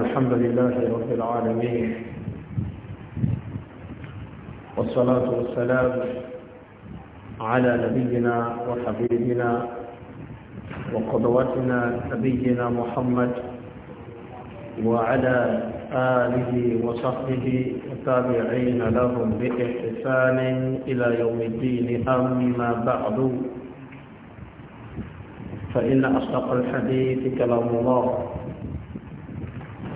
الحمد لله رب العالمين والصلاة والسلام على نبينا وحبيبنا وقدوتنا نبينا محمد وعلى آله وصحبه وتابعين لهم بإحسان إلى يوم الدين أما بعد فإن أصدق الحديث كلام الله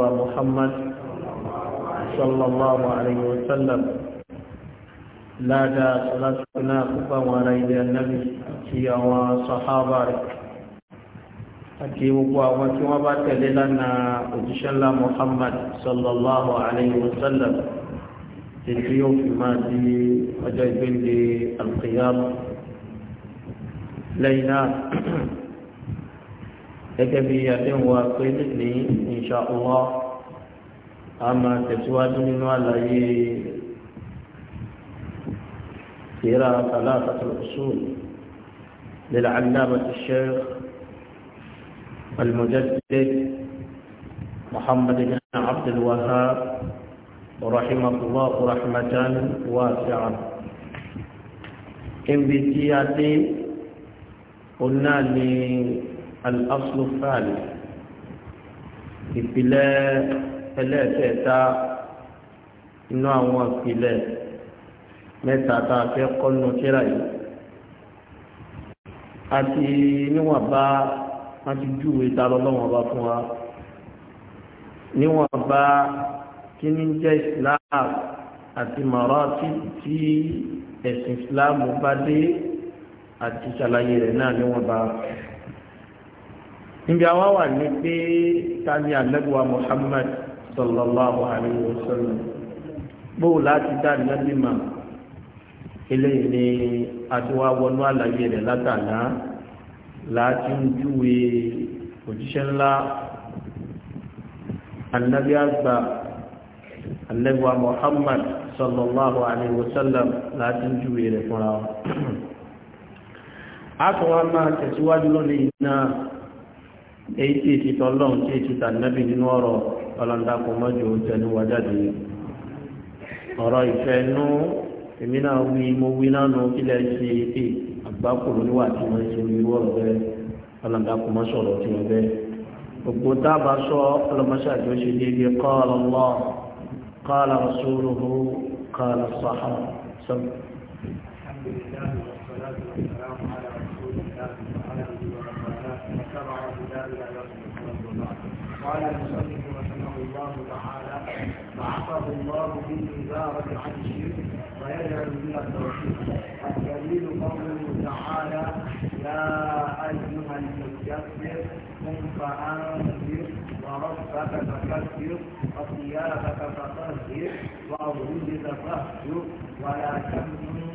ومحمد صلى الله عليه وسلم لا دا صلاتنا كفا على النبي كي وصحابة أكيد قوة وبات لنا وجشن الله محمد صلى الله عليه وسلم تلقيه في مادي أجايبين القيام لينا gẹ́gẹ́ bí àdéhùn wa pé ní insha Allah a máa tẹ̀síwájú nínú àlàyé ثلاثة الأصول للعلامة الشيخ المجدد محمد بن عبد الوهاب ورحمة الله رحمة واسعة إن بيتي أتي قلنا لي الأصل الثالث ìpìlẹ̀ ẹlẹ́ẹ̀kẹta inú àwọn ìpìlẹ̀ mẹ́ta tá a fẹ́ kọ́ nínú tírà yìí àti níwọ̀n bá wọ́n ti júwe ta lọ́wọ́ bá fún wa níwọ̀n bá kí ní jẹ́ Islam àti mọ̀rọ́tì tí ẹ̀sìn Islam bá dé àti ṣàlàyé rẹ̀ náà níwọ̀n bá níbi àwa wà ní pé ta ni àlẹ́gbọ̀wá Muhammad sallallahu alayhi wa sallam bóò láti dá nẹ́bí mà eléyìí ni àtiwá wọnú àlàyé rẹ̀ látàná láti ń júwe òjíṣẹ́ ńlá annabi àgbà annabiwa Muhammad sallallahu alayhi wa sallam láti ń júwe rẹ̀ fúnra wọn. a tún máa tẹ̀síwájú lónìí náà èyí tí èsì tọ́lọ́run tí èsì tànàbì nínú ọ̀rọ̀ ọlọ́ndàkùn mọ́jọ tẹnu wá jáde ọ̀rọ̀ ìfẹ́ nú èmi náà wí mo wí nánú kílẹ̀ ṣe pé àgbákòrò níwà tí wọ́n ṣe irú ọ̀rọ̀ bẹ́ẹ̀ ọlọ́ndàkùn mọ́ sọ̀rọ̀ tí wọ́n bẹ́ẹ̀ gbogbo dábàá sọ ọlọ́mọṣàjọ ṣe déédé qala Allah qala rasuluhu qala sahaba قال المسلم رحمه الله تعالى فعقب الله بالإزارة عن الشرك ويجعل من التوحيد الدليل قوله تعالى يا أيها المدثر قم فأنذر وربك فكبر وثيابك فطهر وأوجد فاهجر ولا تمنن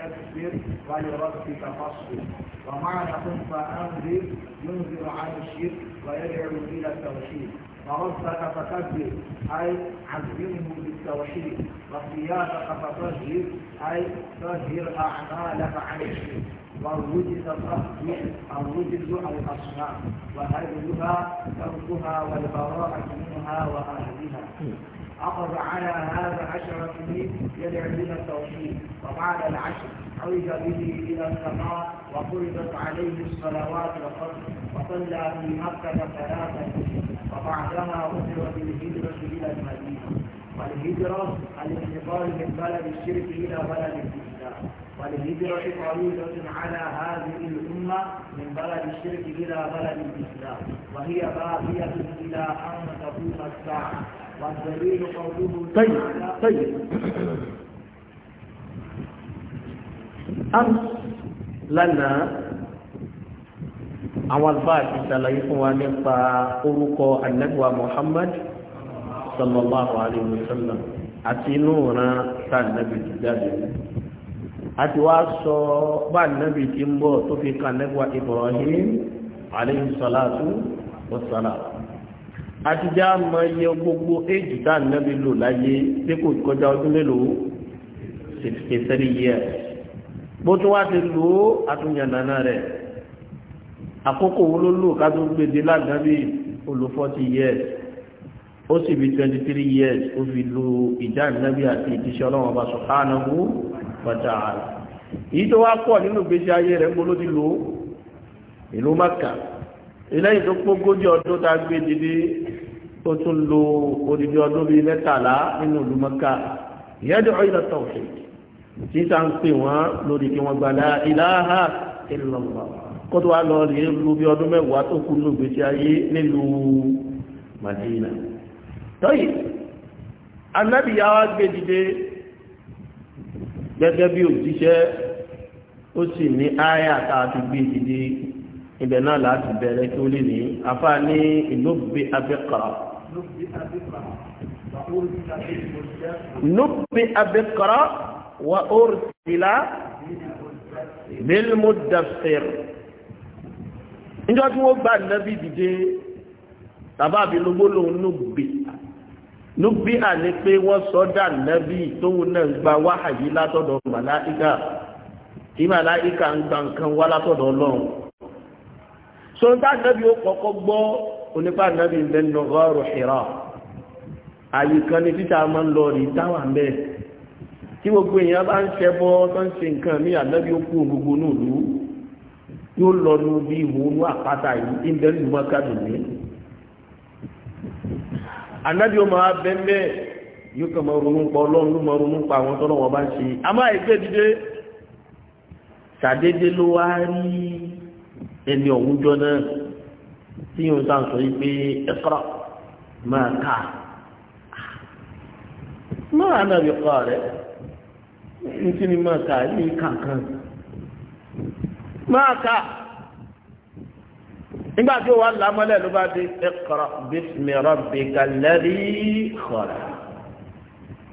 فاستكبر ولربك فاصبر ومعنى قم فانذر ينذر عن الشرك ويدعو الى التوحيد وربك فكبر اي عزمه بالتوحيد وصيامك فطهر اي طهر اعمالك عن الشرك والرجز الأصل الرجز الأصنام وأهلها تركها والبراءة منها وأهلها أخذ على هذا عشر سنين يدعو إلى التوحيد وبعد العشر عرج به إلى السماء وفرضت عليه الصلوات والصلاة وصلى في مكة ثلاثة وبعدها أمر بالهجرة إلى المدينة والهجرة الانتقال من بلد الشرك إلى بلد الإسلام والهجرة طويلة على هذه الأمة من بلد الشرك إلى بلد الإسلام وهي باقية إلى أن تكون الساعة طيب طيب أمس لنا àwọn àlùfáà ti ṣàlàyé fún wa nípa orúkọ anagba muhammad sallallahu alayhi wa sallam àti inú ìran tá ànábì ti jáde àti wá sọ bá ànábì ti ń bọ̀ tó fi kan anagba ibrahim alayhi salatu wa salam àtijọ́ àmọ́ iye gbogbo éjì tá à nábì lò láyé pé kò kọjá ọdún mélòó sixty three years bó tún wá ti lò ó àtúnyànnà rẹ̀ àkókò wo ló lò ká gbèdé lánàbì ó lò forty years ó sì fi twenty three years ó fi lo ìjà ànábì àti ìdíṣẹ́ ọlọ́run ọba subhanahu wa ta'ala èyí tó wá pọ̀ nínú ìgbésí ayé rẹ̀ ń bolo ti lò ó ìlú Mẹ́kà eléyìí tó pógójì ọdún tá a gbé dìde ó tún lo odidi ọdún bíi mẹ́tàlá nínú ìlú mọ́ká yẹ́dọ̀ ọ̀yọ́ tọ̀ọ̀ṣẹ̀ tí sá ń pè wọ́n lórí kí wọ́n gbàdá ìlàhà ìlọ́mọ̀ kó tó wá lọ rí lu bí ọdún mẹ́wàá tó kú nínú ìgbésí ayé nílùú Madina. tọ́yì anábì yà wá gbé dìde gẹ́gẹ́ bí òjíṣẹ́ ó sì ní áyà tá a ti gbé dìde ibẹ̀ náà láti bẹ̀rẹ̀ kí ó ní afáàní ìlú gbé abẹ́kọ̀ọ́ nubbi abikara wa orisila bilmudafir níjọ́ tí wọ́n gbà nẹ́bí dìde tàbá àbílógbó lòun nubbi nubbi à ní pé wọ́n sọ́dà nẹ́bí tóun náà gba wáhàyí látọ̀dọ̀ màláìka tí màláìka ń gba nǹkan wá látọ̀dọ̀ ọlọ́run sọ́dà nẹ́bí ó kọ́kọ́ gbọ́ onípa nàbí ìbẹ́nu ọgọ́rùn Hira àyè kan ní títà máa ń lọ rí táwà ń bẹ́ẹ̀ tí gbogbo èèyàn bá ń ṣẹbọ tó ń ṣe nǹkan ní ànábì ó kú gbogbo náà lù ú yóò lọ nu bí ìhùn àpáta yìí ìbẹ́nu mọ́kàdùn ní ànábì ó máa bẹ́ẹ̀ bẹ́ẹ̀ yóò kàn máa ronú pa ọlọ́run ló máa ronú pa àwọn tọ́lọ́ wọn bá ń ṣe àmọ́ àìgbé dídé ṣàdédé ló wá rí ẹni ọ̀hún náà tí yóò sá sọ yìí pé ẹ̀kọ́ máa kà máa nàbí kọ́ rẹ̀ ntí ni máa kà ní kankan máa kà nígbà tí wàá lámọ́lẹ̀ ló bá dé ẹ̀kọ́ bísí rabbika alladhi khalaq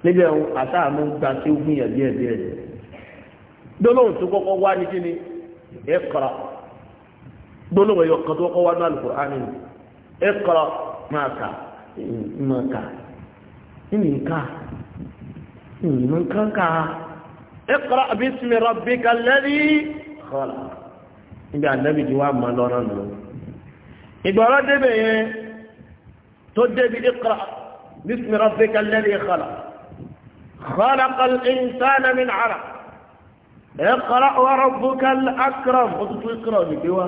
níbi ẹ̀hún àtàánú gba tí ó gbìyànjú ẹ̀ díẹ̀ díẹ̀ kọ́kọ́ wá ní kí ni ẹ̀kọ́ gbólóhùn ẹ̀yọ kan tó kọ́ wá náà lùkùrọ̀ ánì ẹ kọ́ máa kà máa kà ìní nǹka ìní nǹkan kà ẹ kọ́ bismi rabbika alladhi khalaq níbi ànábì tí wàá máa lọ́rọ̀ nù. ìgbọ̀rọ̀ débẹ̀ yẹn tó débi iqra bismi rabbika alladhi khalaq خلق الإنسان من عرق اقرأ وربك الأكرم قلت اقرأ بكوا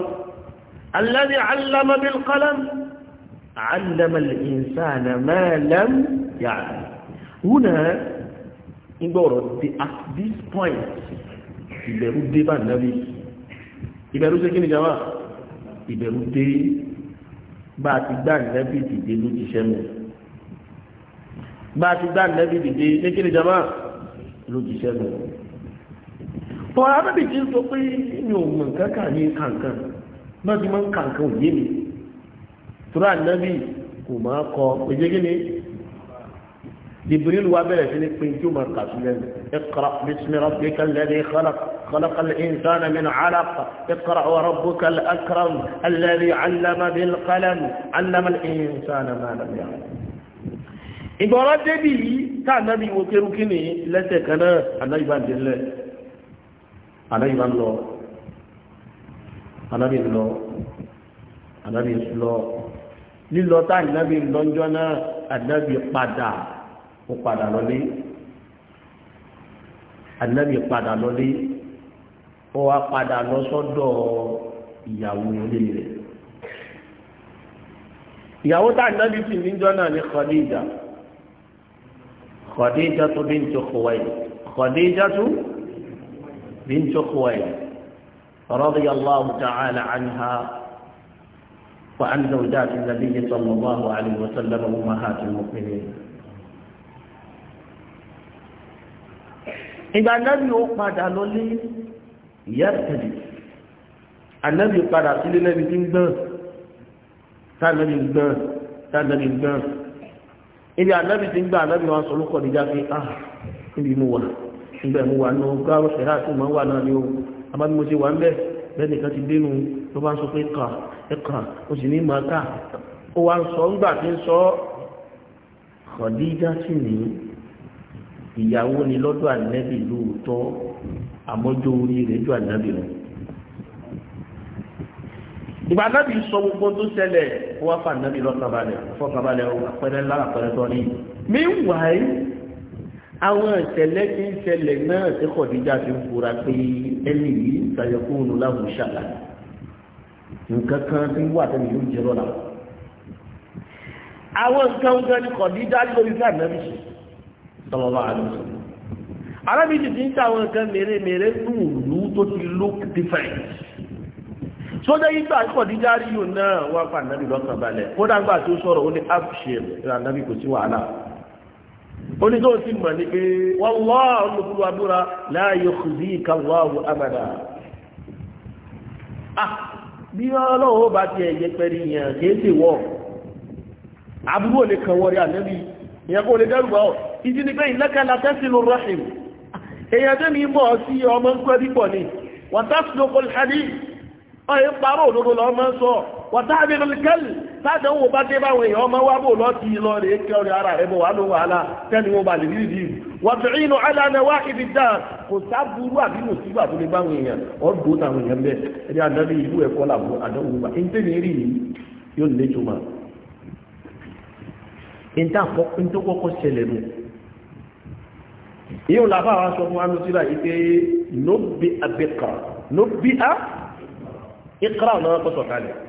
الذي علم بالقلم علم الإنسان ما لم يعلم هنا نقول at this point ìbẹ̀rù dé bá nàbí ìbẹ̀rù ṣe kí ni jama ìbẹ̀rù dé bá ti gbá nàbí dìde ló ti ṣẹ́nu bá ti gbá nàbí dìde ní kí ni jama ló ti ṣẹ́nu ọ̀rọ̀ arábìtì sọ pé mi ò mọ̀ kankan ní kankan náà ti máa ń kà nǹkan òye mi tura ànábì kò máa kọ oye gíní jibril wa bẹ̀rẹ̀ sí ni pé tí ó máa kà sílẹ̀ ní iqra bismi rabbika alladhi khalaq خلق الإنسان من علق اقرأ وربك الأكرم الذي علم بالقلم علم الإنسان ما لم يعلم ìgbọ̀nrán débì yìí tá ànábì wo kérú kí ni lẹ́sẹ̀ kan náà ànábì bá délẹ̀ ànábì bá lọ anábì lọ anábì lọ lílọ tá anábì lọ́jọ́ náà anábì padà ó padà lọlé anábì padà lọlé ó wá padà lọ sọ́dọ̀ ìyàwó ilé rẹ̀ ìyàwó tá anábì sì níjọ́ náà ní Khadija Khadija tó bí ń tó kọ̀wáyé Khadija tó bí ń tó kọ̀wáyé. رضي الله تعالى عنها وعن زوجات النبي صلى الله عليه وسلم أمهات المؤمنين ìgbà anábì ó padà lọ lé yẹ́pẹ̀lì anábì padà sílé lẹ́bi tí ń gbọ́n tánàbì gbọ́n tánàbì gbọ́n ibi anábì tí ń gbà anábì wọn sọ lókọ̀ níjà pé ah níbi mú wà níbẹ̀ mú wà ní ọgbà ọ̀ṣẹ̀rá tí mo wà náà ni ó àbábí mo ṣe wà ń bẹ̀ bẹ́ẹ̀ nìkan ti dénú ló bá ń sọ pé kà ẹ̀kà ó sì ní màkà ó wá ń sọ ńgbà tí ń sọ Khadija sì ní ìyàwó ni lọ́dọ̀ ànábì lóòótọ́ àmọ́jọ́ orí rẹ̀ jù ànábì lọ. ìgbà ànábì sọ gbogbo tó ṣẹlẹ̀ ó wá fà ànábì lọ́kàbalẹ̀ fọ́kàbalẹ̀ ó àpẹẹrẹ lára àpẹẹrẹ tọ́ ní àwọn ìṣẹ̀lẹ̀ tí ń ṣẹlẹ̀ náà tí kọ̀díjà fi ń fura pé ẹni yìí ṣàyẹ̀kúnnù láwùn ṣàlà nǹkan kan tí wà tẹ́lẹ̀ yóò jẹ́ lọ́la àwọn nǹkan ń gan ni lórí fún ànábì sọlọ́lá àlùsọ arábìsì ti ń ta àwọn nǹkan mèremère nù lù tó ti look different sódé yígbà kọ̀díjà rí yòó náà wà fún ànábì lọ́kàn balẹ̀ kódà ńgbà tó sọ̀rọ̀ ó ní àfṣe ìrànàbì kò sí wàhálà oníjọ́ sì mọ̀ ní pé wallahi olùkúrú abúra la yukhzika Allahu abada ah, bí ọlọ́wọ́ bá ti ẹ̀yẹ pẹ̀lú yẹn kìí sì wọ́ àbúrò lè kàn wọ́rí ànẹ́bí ìyẹn kó lè dẹ́rù bá ọ̀ ìdí ni pé ìlẹ́kẹ̀lá tẹ́sílù rahim èèyàn tó ní mọ̀ sí ọmọ ń pẹ́ pípọ̀ ni wàtá sinokol hadi ọ̀yẹ́ parọ́ òdodo tádánwò bá dé báwọn èèyàn ọmọ wá bò lọ́ti lọ rèé kí ọrẹ ara rẹ̀ bọ̀ wá ló wàhálà tẹ́ni wọn bá lè rí rí wàbìrínú alánàwá ibi dáa kò sábúrú àbínú sígbà tó lè báwọn èèyàn ọdún táwọn èèyàn bẹ ẹni àdáni ìlú ẹ̀kọ́ làbọ̀ àdánwò gbà ń tẹ́lẹ̀ rí yóò lè tó ọ̀nà ọkọ̀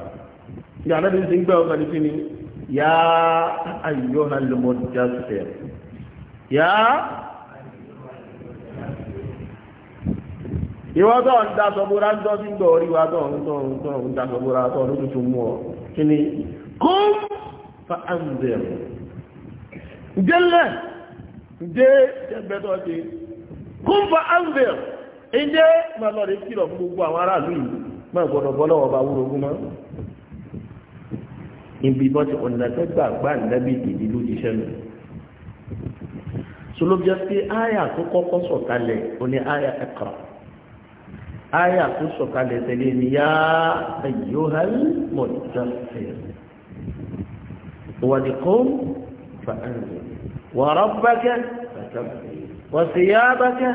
ní ànábì ti ń gbẹ́ ọ̀gá ní kíni yá ayyuha al-muddaththir yá ìwọ tó ń daṣọ bóra ń dọ́ sí ń gbọ́ orí wa tó ń tó ń tó ń daṣọ bóra tó ń tuntun mú ọ kíni qum fa anzir jẹ́lẹ̀ jẹ́ jẹ́gbẹ́tọ́ ti qum fa anzir ìjẹ́ màlọ́ọ̀dẹ́ kìlọ̀ fún gbogbo àwọn aráàlú yìí má gbọ́dọ̀ bọ́lọ́wọ́ bá wúrogún mọ́ níbi bọ́ ti ọ̀nà tẹ́gbà gbà nábì ìdí ló ti sẹ́nu solobia pé aya tó kọ́kọ́ sọ̀kalẹ̀ ó ní aya ẹ̀kọ́ aya tó sọ̀kalẹ̀ tẹ̀lé ni yá ayyuhal muddaththir wàdìkún fàánù látẹ́mùnọ́nù wàsíyábàkẹ́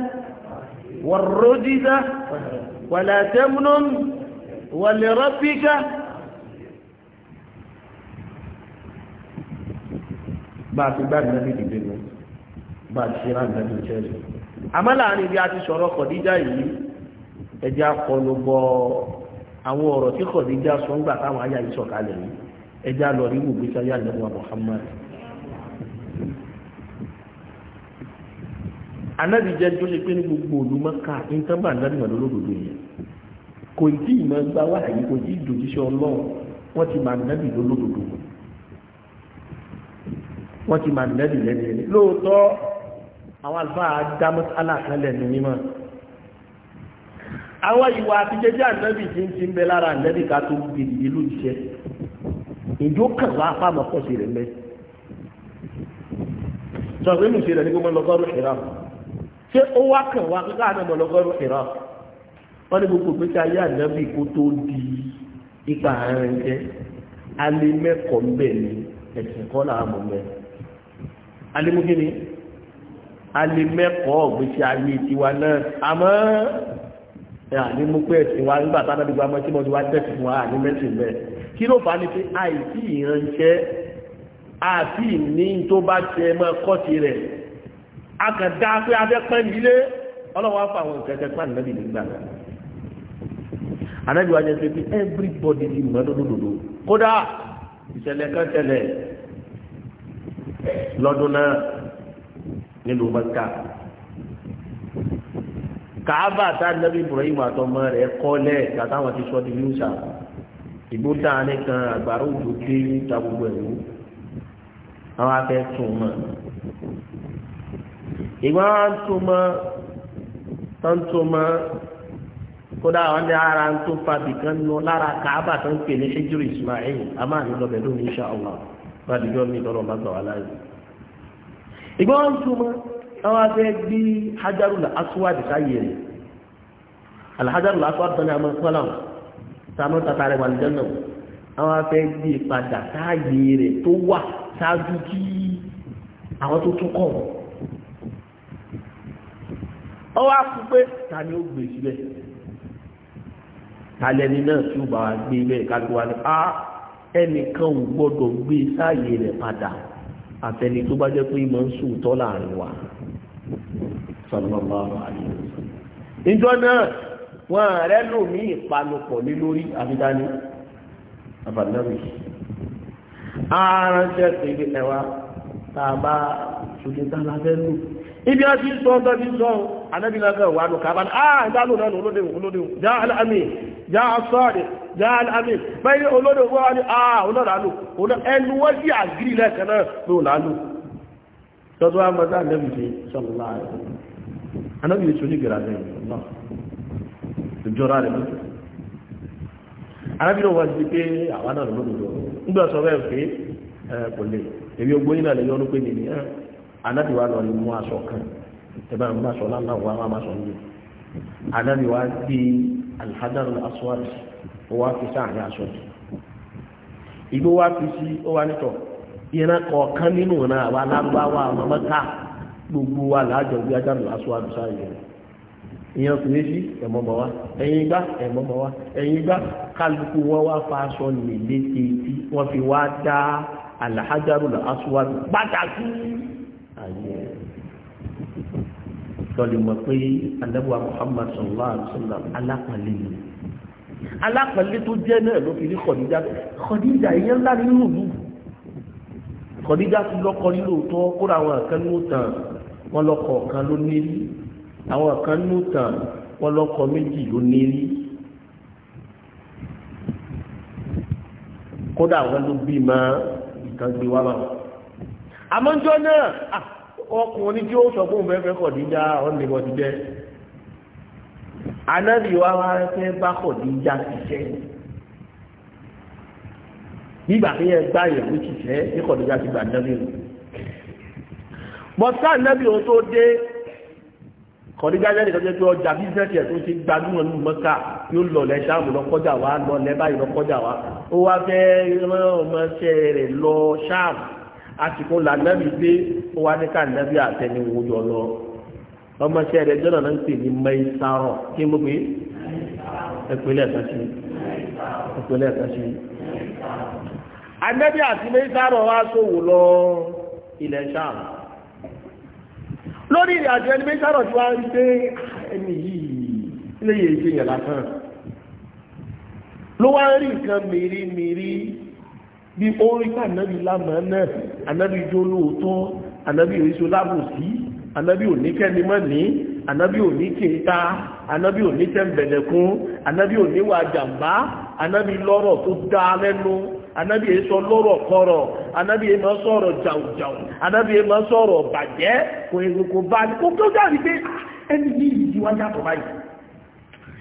wàrọ́dìdà wàlàtẹ́mùnún wàlẹ́rọ́bìkẹ́. bá a ti gbá ìnáwó ìdìbò nù bá a ti ṣe láti ìnáwó ìṣẹ́lẹ̀ àmọ́ láàrin bí a ti sọ̀rọ̀ kọ̀díjà yìí ẹjẹ́ akọlù bọ àwọn ọ̀rọ̀ tí kọ̀díjà sọ ń gbà táwọn ayá yìí sọ̀kalẹ̀ yìí ẹjẹ́ alọ rí gbogbo ìṣẹ́lẹ̀ àlẹ́wà Muhammad anábì jẹ́ tó ṣe pé ní gbogbo òlu mọ́ká ní tán anábì mọ̀ lólódodo yẹn kò tí ì máa gbá wáyé kò tí ì dòjíṣẹ́ ọlọ́run wọ́n ti máa anábì lólódodo wọn wọ́n ti máa nẹ́bì lẹ́nu ẹni lóòótọ́ àwọn àlùfáà dámọ́sí aláàkánlẹ̀ ní mímọ́ àwọn ìwà àtijẹ́jẹ́ ànẹ́bì tí ń ti ń bẹ lára ànẹ́bì ká tó gbèrè ìlú ìṣẹ́ ìjó kàn wá fáàmọ́ pọ̀ sí rẹ̀ mẹ́ sọ pé mùsùlùmí rẹ̀ ní kó mọ́ lọ́gọ́rù ìrà ṣé ó wá kàn wá kíkà àná mọ́ lọ́gọ́rù ìrà wọ́n ní gbogbo pé káyé ànẹ́bì kó tó di ipa àárín jẹ́ alẹ́ mẹ́kọ̀ọ́ mbẹ́ ni ẹ̀sìn kọ́ làá mọ̀ mẹ́rin alimukini alimẹ́kọ̀ọ́ gbèsè ayé tiwa náà àmọ́ ẹ̀ àlimúpẹ́ e tiwa nígbà tá a dábìgbà mọ́ tí mo ti wá tẹ̀sí fún wa àlimẹ́sìn bẹ́ẹ̀ kí ló fà á ní pé àìsí ìrànṣẹ́ àti ní tó bá tẹ mọ́ kọ́ọ̀tì rẹ̀ a pé afẹ́pẹ́ nílé ọlọ́wọ́ á àwọn ìkẹ́kẹ́ pàdé náà nígbà náà anábìwájú ẹ everybody ti mọ́ lódodo kódà ìṣẹ̀lẹ̀ kan ṣẹlẹ̀ lọ́dún náà nílùú mẹ́ta kàábà tá nàbí ibrahim àtọmọ rẹ̀ kọ́lẹ̀ kàtàwọn ti sọ di yúùsà ìbò dáhání kan àgbàrá òjò dé níta gbogbo ẹ̀rú àwọn afẹ́ tún mọ́ ìgbà wọn tún mọ́ tán tún mọ́ kódà àwọn ní ara ń tó fa bìkan nù lára kàábà tó ń pè ní ṣéjúrì ismail a máa ní lọ́bẹ̀ Allah bàdìjọ́ mi tọ́lọ̀ bá gbà wá láàyè. ìgbọ́n wọn túmọ̀ àwọn afẹ́ gbé hajarul aswad sáyé rẹ̀ alhajarul aswad tán ni a máa ń sọ́lá wọn sàmú tata rẹ̀ wà lìjọ́ náà àwọn afẹ́ gbé e padà sáyé rẹ̀ tó wà ṣáájú kí àwọn tó tún kọ̀ wọ́n. ọ wá kú pé ta ni ó gbé e síbẹ̀ ta lẹni náà tí ó bá gbé e bẹ́ẹ̀ kálukú wa ni a. Ah, ẹnìkan ò gbọ́dọ̀ gbé sáàyè rẹ̀ padà àtẹni tó bá jẹ́ pé ìmọ̀ ń sòótọ́ láàrin wa sallallahu alaihi wasallam ìjọ náà wọn rẹ lò ní ìpanupọ̀ lé lórí àbídání àbàdàbí aránṣẹ́ pèlè ẹwà tàbá ṣùgbọ́n tàbá fẹ́ lò ibi a ti sọ ọ́ tàbí sọ ọ́ anábìlá náà wà ka kábàlì ah ìdá ja náà olóde ja já alámi já sọ́ọ̀dì já alámi bẹ́ẹ̀ ah olóde àlò ẹnu wọ́n sí àgírí lẹ́ẹ̀kan náà ló lálò tọ́tọ́ wa mọ́tà anábì ṣe sọ́lá anábì ṣe onígbèrè anábì to jora rẹ̀ lọ́tọ̀ anábì wasi wá sí pé àwa náà lọ́dọ̀ lọ́dọ̀ nígbà sọ bẹ́ẹ̀ pé kò ebi èmi ogbóyin náà lè yọ ọ́nú wa kan ẹ̀bá ń bá sọ láńláwọ̀ wá máa sọ níbi anábì wá bí alhajar aswad ó wá fi sáàrin aṣọ ìgbó wá fi sí ó wá nítọ̀ ìran kọ̀ọ̀kan nínú ìran àwa lárúbáwá mọ́mọ́ká gbogbo wa láàjọ bí ajá lọ aṣọ àdùsá yẹn ìyẹn kò ní sí ẹ̀mọ́mọ́ wa ẹ̀yin lọ́lẹ̀ mọ̀ pé anábùwà Muhammad sallallahu alaihi wasallam alápàlẹ́ ni alápàlẹ́ tó jẹ́ náà ló fi rí kọ̀díjà kọ̀díjà ìyẹn ńlá nínú ìlú kọ̀díjà ti lọ́kọ nínú òótọ́ kóra àwọn kan ní òtàn wọn lọ́kọ kan ló nírí àwọn kan ní òtàn wọn lọ́kọ méjì ló nírí kódà wọn ló bí ma ìtàn gbé wá bá wọn àmọ́jọ́ náà ah, ọkùnrin tí ó sọ fún fẹ́fẹ́ kọ̀díjà ọ̀nìbọ̀ ti jẹ́ anábì wa wá fẹ́ bá kọ̀díjà ṣiṣẹ́ nígbà tí yẹn gbá yẹn ló ṣiṣẹ́ ní kọ̀díjà ti gbà nábì rẹ̀ bọ́sá nábì ó tó dé kọ̀díjà jẹ́ nìkan jẹ́ pé ọjà bísíǹsì ẹ̀ tó ti gbajúmọ̀ ní mọ́ká yóò lọ lẹ́ sáàmù lọ́kọ́jà wa lọ lẹ́ báyìí lọ́kọ́jà wa ó wá fẹ́ ọmọ ṣẹ́ rẹ̀ lọ sáàmù àsìkò lànàbì pé ó wá ní ká nàbì àtẹni wo jọ lọ ọmọọṣẹ́ rẹ̀ jọ́nà náà ń pè ní mẹ́sàrọ̀ kí n gbé ẹ̀pẹ́lẹ̀ ẹ̀kan sí ẹ̀pẹ́lẹ̀ ẹ̀kan sí. Ànábì àti mẹ́sàrọ̀ wá sòwò lọ ilẹ̀ sáà lórí ìrìn àjò ẹni mẹ́sàrọ̀ tí wọ́n rí pé ah, ẹni yìí ilé yìí ṣe yẹn lásán ló wá rí nǹkan mìírí mìírí bí orin ká ànábì lámàá náà ànábì jó lóòótọ́ ànábì oríṣi olábòsí ànábì oníkẹ́ni mọ́ni ànábì oníkẹta ànábì onítẹ̀m̀bẹ̀lẹ̀kún ànábì oníwà jàmbá ànábì lọ́rọ̀ tó dá lẹ́nu ànábì yìí sọ lọ́rọ̀ kọ́rọ̀ ànábì yìí máa sọ̀rọ̀ jàùjàù ànábì yìí máa sọ̀rọ̀ bàjẹ́ kò èrò kò bá kó tó dàbí pé ah, ẹni yìí yìí tó báyìí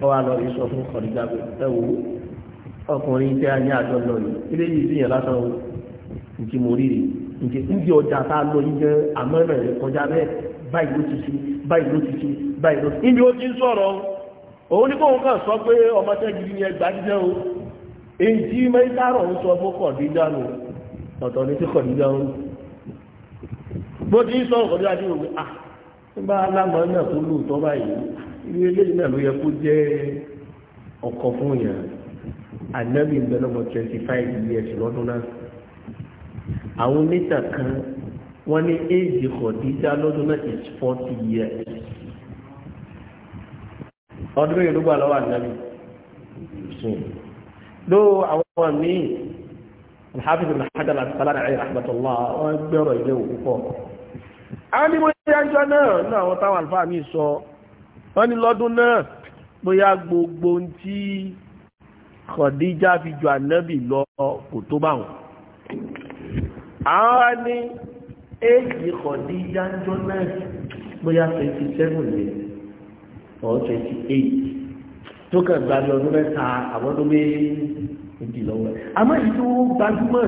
wọ́n a lọ rí sọ fún kọ̀díjà pé ọkùnrin tẹ́ ní àjọ lọ yìí ilé yìí sì yẹn lásán o nti mo rírì nti ndí ọjà tá a lọ yìí jẹ́ àmọ́ kọjá bẹ́ẹ̀ báyìí ló ti ṣe báyìí sọ pé ọmọ tẹ́ ni ẹgbàá jíjẹ́ o èyí tí mẹ́tàrọ̀ ń sọ fún kọ̀díjà nù ọ̀tọ̀ tí kọ̀díjà ń bó ti ń kọ̀díjà irú eléyìí náà ló yẹ kó jẹ́ ọkọ̀ fún yàn ànábì ń bẹ lọ́mọ twenty five years lọ́dún náà àwọn mítà kan wọ́n ní éèjì kọ̀díjà lọ́dún náà is forty years ọdún yìí ló gbà lọ́wọ́ ànábì sùn ló àwọn míì alhafiz alhajar alasalara ayi rahmatulah wọ́n gbẹrọ ilé òkú pọ. àwọn ní mo ṣe àjọ náà náà àwọn táwọn àlùfáà mi sọ. So, wọ́n ní lọ́dún náà bóyá gbogbo ohun tí Khadija fi ju ànábì lọ kò tó bá wọn. àwọn wá ní éèjì jọ náà bóyá twenty seven ni or twenty eight tó kàn gbàgbé ọdún mẹ́ta àwọn ọdún méjì lọ́wọ́ àmọ́ ìdí gbajúmọ̀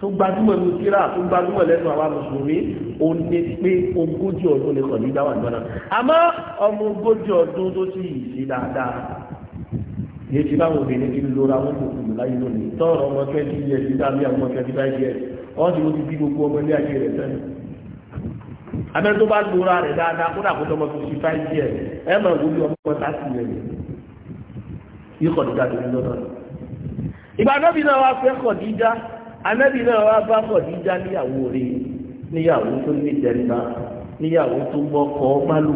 tó gbajúmọ̀ ní kíra tó gbajúmọ̀ lẹ́nu àwa mùsùlùmí ó ní pé ogójì ọdún lè kàn ní dáwà ìgbọ́nà àmọ́ ọmọ ogójì ọdún tó sì ṣe dáadáa yé ti báwọn obìnrin ti lora wọn kò kùnú láyé lónìí tọrọ ọmọ twenty years ti dábí àwọn ọmọ twenty five years wọn ti wọ́n ti bí gbogbo ọmọ ilé ayé rẹ̀ sẹ́yìn abẹ́ tó bá lora rẹ̀ dáadáa kó dàgbọ́dọ̀ ọmọ fifty five years ẹ máa wọlé ọmọ thirty years yìí kọ̀ dídá tó ní lọ́dọ̀ ìgbà náà bí náà wá fẹ́ kọ̀ dídá anábì náà wá bá Khadija níyàwó rẹ̀ níyàwó tó ní tẹ̀lá níyàwó tó mọ́kọ́ málù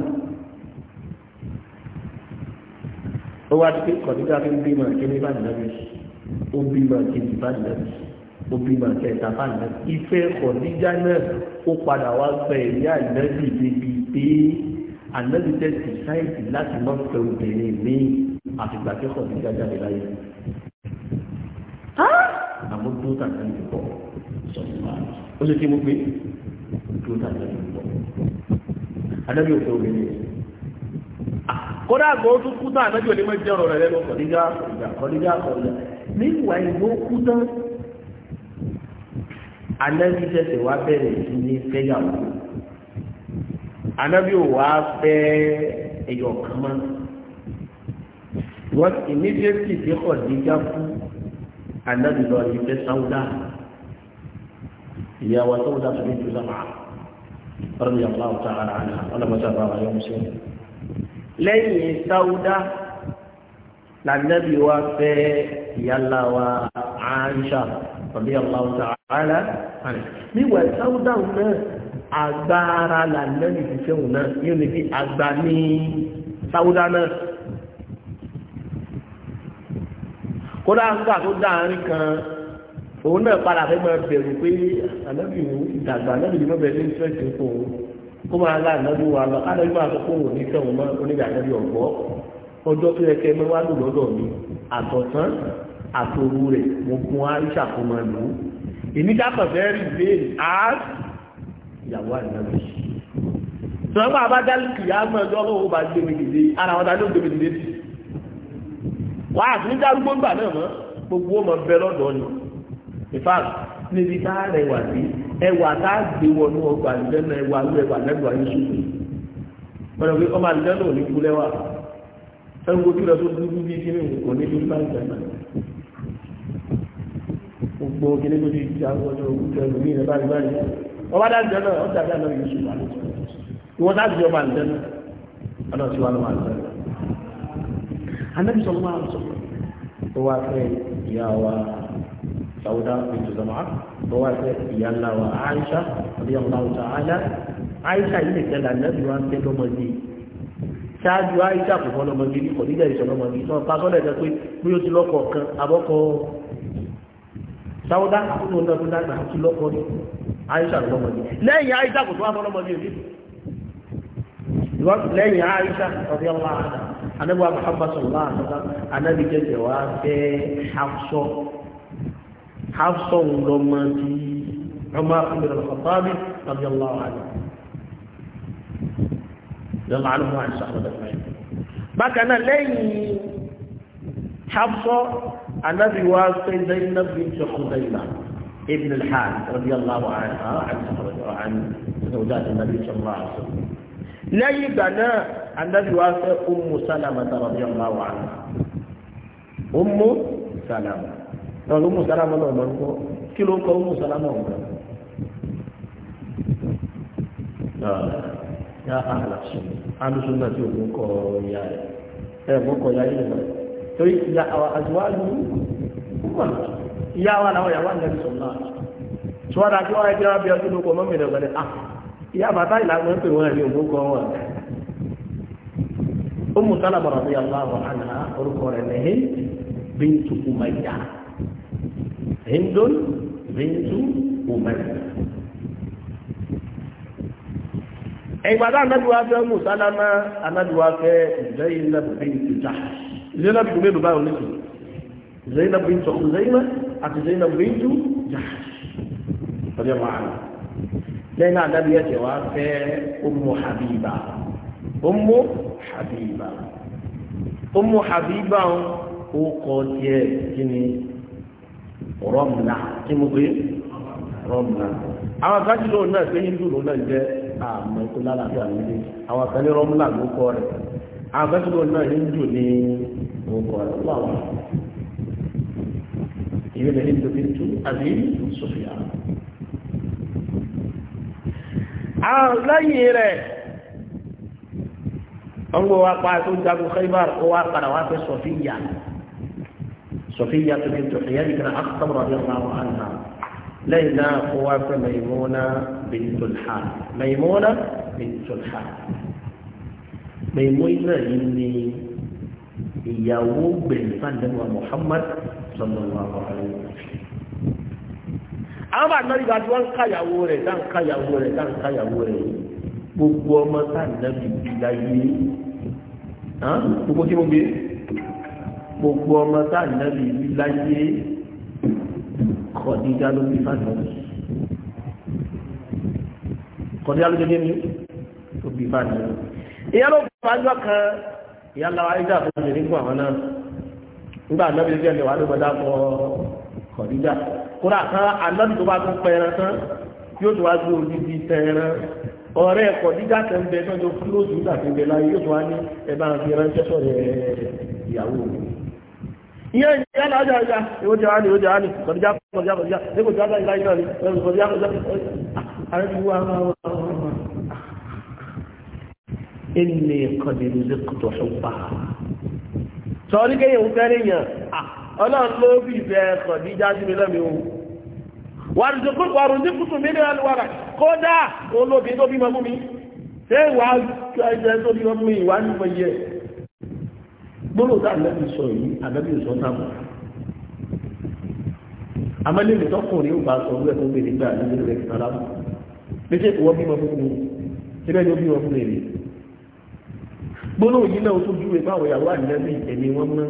ó wá dúpẹ́ Khadija fi ń bímọ kíní bá nàbí ó bímọ kíní bá nàbí ó bímọ kẹta bá nàbí ìfẹ́ Khadija náà ó padà wá gbẹ ìyá ànábì débi pé ànábì tẹ̀sí sáyẹ̀sì láti mọ́ fẹ́ obìnrin ní àfìgbà kẹ́kọ̀ọ́ nígbà jáde láyé àmójútó tàbí ìbọ̀ sọ̀tùmá ó sì kí mú pé dúró tàbí ìbọ̀ adájọ́ òfin obìnrin kódà àgbọ̀ ó tún kú tán adájọ́ òní mẹ́jẹ ọ̀rọ̀ rẹ̀ lẹ́nu kọ̀dígá kọ̀dígá kọ̀dígá kọ̀dígá níwà ìgbó kú tán anábì tẹ̀sẹ̀ wá bẹ̀rẹ̀ sí ní fẹ́yàwó anábì ò wá fẹ́ ẹ̀yọ̀ kan mọ́ wọ́n immediately dé kọ̀dígá fún anábì lọ ti fẹ́ sáúdà ìyàwó sáúdà tó ní jùlọ máa ọ̀rọ̀ ìyàwó láwùjọ ara àná ọlọ́mọdé àbáwá yọ mùsùn. lẹ́yìn sáúdà lànàbì wa fẹ́ ìyàlá wa Àìṣà ọ̀dẹ́ ọ̀làwùjọ ara àná. níwà sáúdà náà agbára lànàbì fífẹ́ òun náà yóò ní bí agbá ní sáúdà náà. kódà nígbà tó dáàrin kan òun náà padà fẹ́ máa bẹ̀rù pé ànábì òun ìdàgbà ànábì ní mọ̀bẹ̀ ní ìfẹ́sì fún òun kó máa lá ànábì wa lọ ànábì wa sọ pé òun ní sẹ́wọ̀n mọ́ onígbà ànábì ọ̀gbọ́ ọjọ́ tó yẹ kẹ́ mọ́ wá lò lọ́dọ̀ mi àtọ̀tán àtòru rẹ̀ mo gun aisha kó máa lò ó èmi dákọ̀ fẹ́ rí ìbéèrè á ìyàwó ànábì sọ́gbà bá dálùkì bá dá ló wà á ní dárúgbó gbà náà mọ́ gbogbo ọmọ bẹ lọ́dọ̀ ni ìfà níbi tá a rẹwà sí ẹwà tá a gbé wọnú ọgbà àlùjẹ́nà ẹwà ló ẹwà lẹ́gbà yín sùkú pẹ̀lú pé ọmọ àlùjẹ́nà ò ní kú lẹ́wà ẹ̀rù ojú rẹ̀ tó dúdú bí kíní kò ní bí bá ìjẹ́nà gbogbo kíní tó di ìjà ọjọ́ ojú ẹ̀rù mí rẹ̀ báyìí báyìí ọba dá ìjẹ́nà ọjà àjẹ́ àná yóò sùn wà lọ́sùn ìwọ́n dá ìjọba àlùjẹ́nà ọlọ́sùn wà lọ́wọ́ àlùjẹ́nà annabi sallallahu alaihi wasallam tó wá fẹ́ ìyá wa sauda bintu zama'a tó wá fẹ́ ìyá ńlá wa aisha radiyallahu ta'ala aisha yìí nìkan là nàbí wa ń fẹ́ lọ́mọdé ṣáájú aisha kò fọ́ lọ́mọdé ní kò nígbà ìṣọ̀ lọ́mọdé tó ń pa sọ́dọ̀ ẹ̀jẹ̀ pé bí ó ti lọ́kọ̀ kan abọ́kọ̀ sauda àkókò náà tó dàgbà àti lọ́kọ̀ ní aisha lọ́mọdé lẹ́yìn aisha kò tó wá fọ́ lọ́mọdé lẹ́yìn aisha radiyallahu ta'ala anábíwá Muhammad sallallahu alaihi wasallam anábí jẹ́jẹ́ wá fẹ́ Hafsọ Hafsọ ń lọ mọ sí Umar ibn al-Khattab radiyallahu anhu lọ́la àlùmọ́ àìsàn àwọn ọ̀dọ́ bákan náà lẹ́yìn Hafsọ anábíwá fẹ́ Zainab bint Khuzaimah ابن الحارث رضي الله عنها عن زوجات النبي صلى الله عليه وسلم lẹ́yìn ìgbà náà anabi wa fẹ́ umu salama tàbí ọmọ wa umu salama tọ́lú umu salama náà lọ kọ́ kí ló ń kọ́ umu salama ọ̀gá. ya ahla sunna alusunna tí o mú kọ ya rẹ ẹ mú kọ ya yìí lọ torí ya àwọn azuwájú wà ìyá wa làwọn yàrá nàbì sọ̀rọ̀ náà tí wọ́n wọ́n yẹ kí wọ́n bí ọdún lóko mọ́mìnira gbọ́dẹ̀ ah ìyá bàtà ìlànà pè wọ́n ní òmùkọ́ wọn Ummu Salama radiyallahu anha orúkọ rẹ̀ ní Hind bintu Umayya Hindun bintu Umayya. ìgbàdá anáduwa fẹ́ Ummu Salama anáduwa fẹ́ Zainab bintu Jahsh Zainab bintu mélòó báyìí oníṣòwò Zainab bintu Khuzaymah àti Zainab bintu Jahsh radiyallahu anha. lẹ́yìn náà dábìí ẹ̀sẹ̀ wá fẹ́ Habiba Ummu Habiba Ummu Habiba ó kọ tiẹ̀ kí ni Ramla kí mo pé Ramla àwọn akájú lòun náà pé hindu lòun náà jẹ́ àmọ́ ètò lálàáfíà nílé àwọn akájú Ramla ló kọ rẹ̀ àwọn akájú náà ní rẹ̀ wà àbí lẹ́yìn rẹ̀ wọ́n gbọ́ wá pa tó jagun Khaybar ó wá padà wá fẹ́ Sọfíyà Sọfíyà tó fi tòṣe yẹn nìkan akọ̀tàmù radiyallahu anha lẹ́yìn náà ó wá fẹ́ Maymuna bintul Harith Maymuna bintul Harith Maymuna yìí ni ìyàwó gbẹ̀yìn fún àdéhùn Muhammad sallallahu alaihi wa sallam. àwọn bá nàbí gba tí wọ́n ń káyàwó rẹ̀ dá ń káyàwó rẹ̀ dá ń káyàwó rẹ̀ gbogbo ọmọ tá nàbí bí láyé gbogbo tí mo gbé gbogbo ọmọ tá nàbí bí láyé kọ̀díjà ló fi fà nàbí kọ̀díjà ló dédé mi ó fi fà nàbí. ìyá ló fà jọ kan ìyá làwọn ayé dàbí ìrìnkù àwọn náà nígbà nàbí bí ẹni wàá ló gbọdá fọ ọ kọ̀díjà kódà kan anábì tó bá tún pẹran tán yóò tún wá gbé odidi tẹran ọ̀rẹ́ kọ̀díjà tẹ̀ ń bẹ tán tó kúlóòtù nígbà tó ń bẹ láyé yóò tún wá ní ẹ̀bá àti ránṣẹ́ sọ̀rọ̀ ìyàwó ìyẹn ìyá lájà ìyá ìwọ́n ti wá ní ìwọ́n ti wá ní kọ̀díjà kọ̀díjà kọ̀díjà ní kò jáde láyé náà ní sọ́rí kẹ́yẹ̀ ń fẹ́rẹ̀ yàn ọlọ́run ló bí ìfẹ́ Khadija sí mi lẹ́mi ohun wàrùn dínkùtù mi ní alùwàrà kódà olóbi tó bímọ fún mi ṣé ìwà ẹ̀jẹ̀ tó bímọ fún mi ìwà nípa yẹ gbọ́dọ̀ tá àbẹ́bí sọ yìí àbẹ́bí sọ táwọn amẹ́lẹ́lẹ́ tọkùnrin ó bá sọ wíwẹ́ tó gbèrè gbà níbi rẹ̀ kìtà lábù bí ṣe ìwọ bímọ fún mi síbẹ̀ ló bímọ fún mi rè gbọ́dọ̀ yìí náà ó tún júwe báwọn ìyàwó àdìlẹ́bí ẹ̀mí wọn náà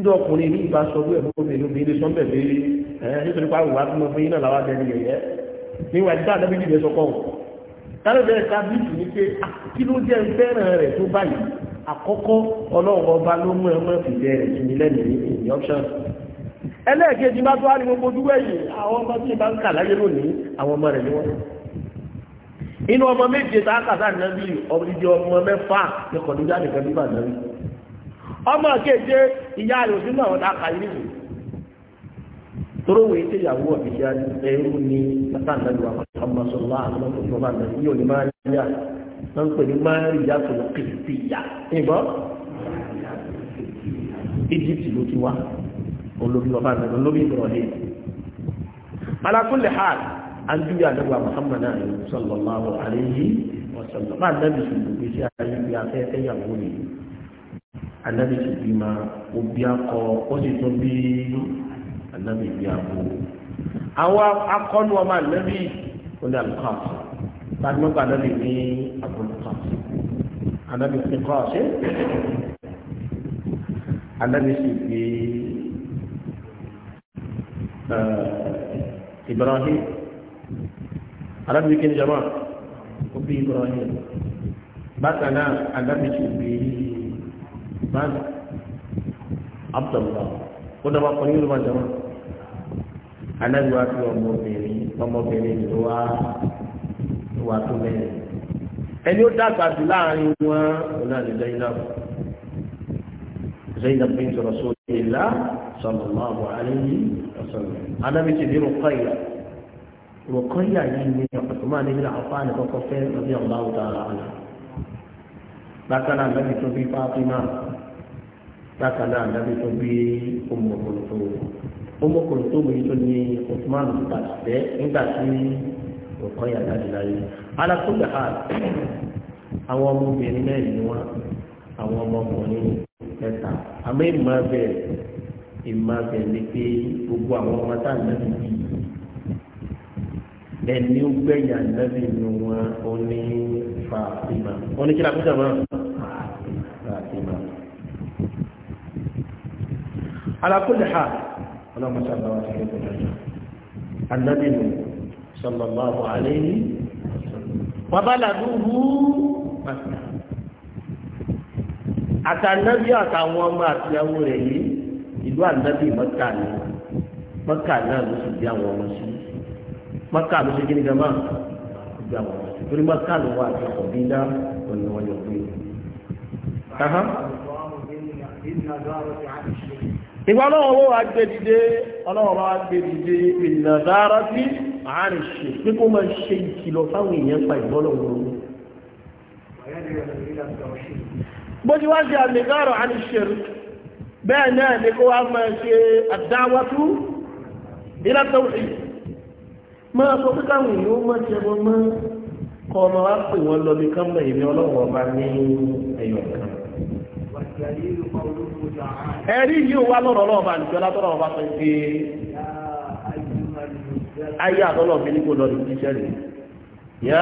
ndé ọkùnrin ní ìbá sọ wíwẹ̀ fún mi lóbi ilé sọ́mbẹ̀ béèrè ẹ̀ nítorí pé àwòrán tó mọ fún yín náà làwọn adẹ́ni yẹ̀yẹ́ níwà tí dáadáa bí jìbẹ́ sọkọ̀ táwọn bẹ́ẹ̀ ká bíìtì ni pé ah, kí ló jẹ́ fẹ́ràn rẹ̀ tó báyìí àkọ́kọ́ ọlọ́run ọba ló mú ẹ mọ́ ìfìdẹ́ rẹ̀ sí mi lẹ́nu ní option. ẹlẹ́ẹ̀kejì bá tó ariwo bojú wẹ̀yìn àwọn ọmọ tí bá ń kà láyé lónìí àwọn ọmọ rẹ̀ ni wọ́n. inú ọmọ méje tá a kà ọmọ kéje ìyá rẹ̀ òsínú àwọn dáka ilé rẹ̀ torówó ètò ìyàwó ọ̀fíṣẹ́ ẹ̀rú ni látàlẹ́lú àmọ́sọ̀lá àmọ́sọ̀lá àmọ́sọ̀lá yóò ní máa ń yá wọ́n pè ní máa ń yá tòun kìtì yá ìbọn Egypt ló ti wá olóbi ọba àgbẹ̀dọ̀ olóbi ìbọ̀lẹ̀ ala kulli hal anjuya nígbà Muhammad náà sallallahu alayhi wa sallam máa dábì sí ìgbésí ayé bí afẹ́fẹ́ yàwó nìyí anabi ti bí ma obi akọ ó sì tún bí anabi bí abo àwọn akọnu ọmọ anabi ó ní alukaafu gbadumọgba anabi ní abulukaafu anabi ti kọ ọsẹ anabi sì bí ibrahim anabi kí ni jama ó ibrahim bákan náà anabi sì bí. ماذا عبد الله kódà wà kọ́ yóò lọ́wọ́ jọ̀wọ́ anáyọ̀ àti ọmọbìnrin ọmọbìnrin ló wá wà tó mẹ́rin ẹni ó dàgbà jù láàrin wọn òun náà lè Zainab Zainab bint Rasulillah sallallahu alaihi wasallam anábì ti di Ruqayya Ruqayya yìí ni ọ̀pọ̀tọ̀ máa níbi àpá nìkan kọ́ fẹ́ lọ́bí ọ̀la ọ̀tá ara rẹ̀ bákan náà lẹ́bi tó Fatima bákan náà ànábì tó bí Ummu Kulthum Ummu Kulthum yìí tó ní Usman padà bẹ́ nígbà tí nǹkan yà jáde láyé alákùnrin ha àwọn ọmọbìnrin mẹ́rin ni wọ́n àwọn ọmọkùnrin mẹ́ta àmọ́ ìmọ̀ abẹ́ ìmọ̀ abẹ́ ni pé gbogbo àwọn ọmọ tá ànábì yìí ẹni ó gbẹ̀yà ànábì nu wọn ó ní Fatima ó ní kí ni àkójọ náà. على كل حال. ọlọ́mọ sábà wà sílẹ̀ tó dájú anábì nù sallallahu alayhi wàbálàdúhù pàtàkì àtànábì àtàwọn ọmọ àtìyàwó rẹ̀ yìí ìlú ànábì mọ́kà ni mọ́kà náà ló sì bí àwọn ọmọ sí mọ́kà ló sì kí ni gàmá bí àwọn ọmọ sí torí mọ́kà ló wà àti ọ̀bí dá òní wọn ìgbà náà wọ́n wá gbé dìde ọlọ́run wá gbé dìde ìnàdára sí àárín ṣe pé kó máa ṣe ìkìlọ̀ fáwọn èèyàn pa ìgbọ́lọ̀ wọn. bó ti wá ṣe àmìgárò àárín ṣe bẹ́ẹ̀ náà ni kó wá máa ṣe àdáwátú ìlà máa sọ pé káwọn èèyàn máa ṣe wọn mọ́ kọ́ ọmọ wa pè wọ́n lọ bí kán mọ̀ èmi ọba ní ẹ̀yọ̀ kan ẹ̀rí yìí wá lọ́rọ̀ ọlọ́ọ̀bá nìkan látọ́rọ̀ ọba sọ pé ayé àtọ́lọ̀ mi ní kò lọ lórí iṣẹ́ rẹ̀ yá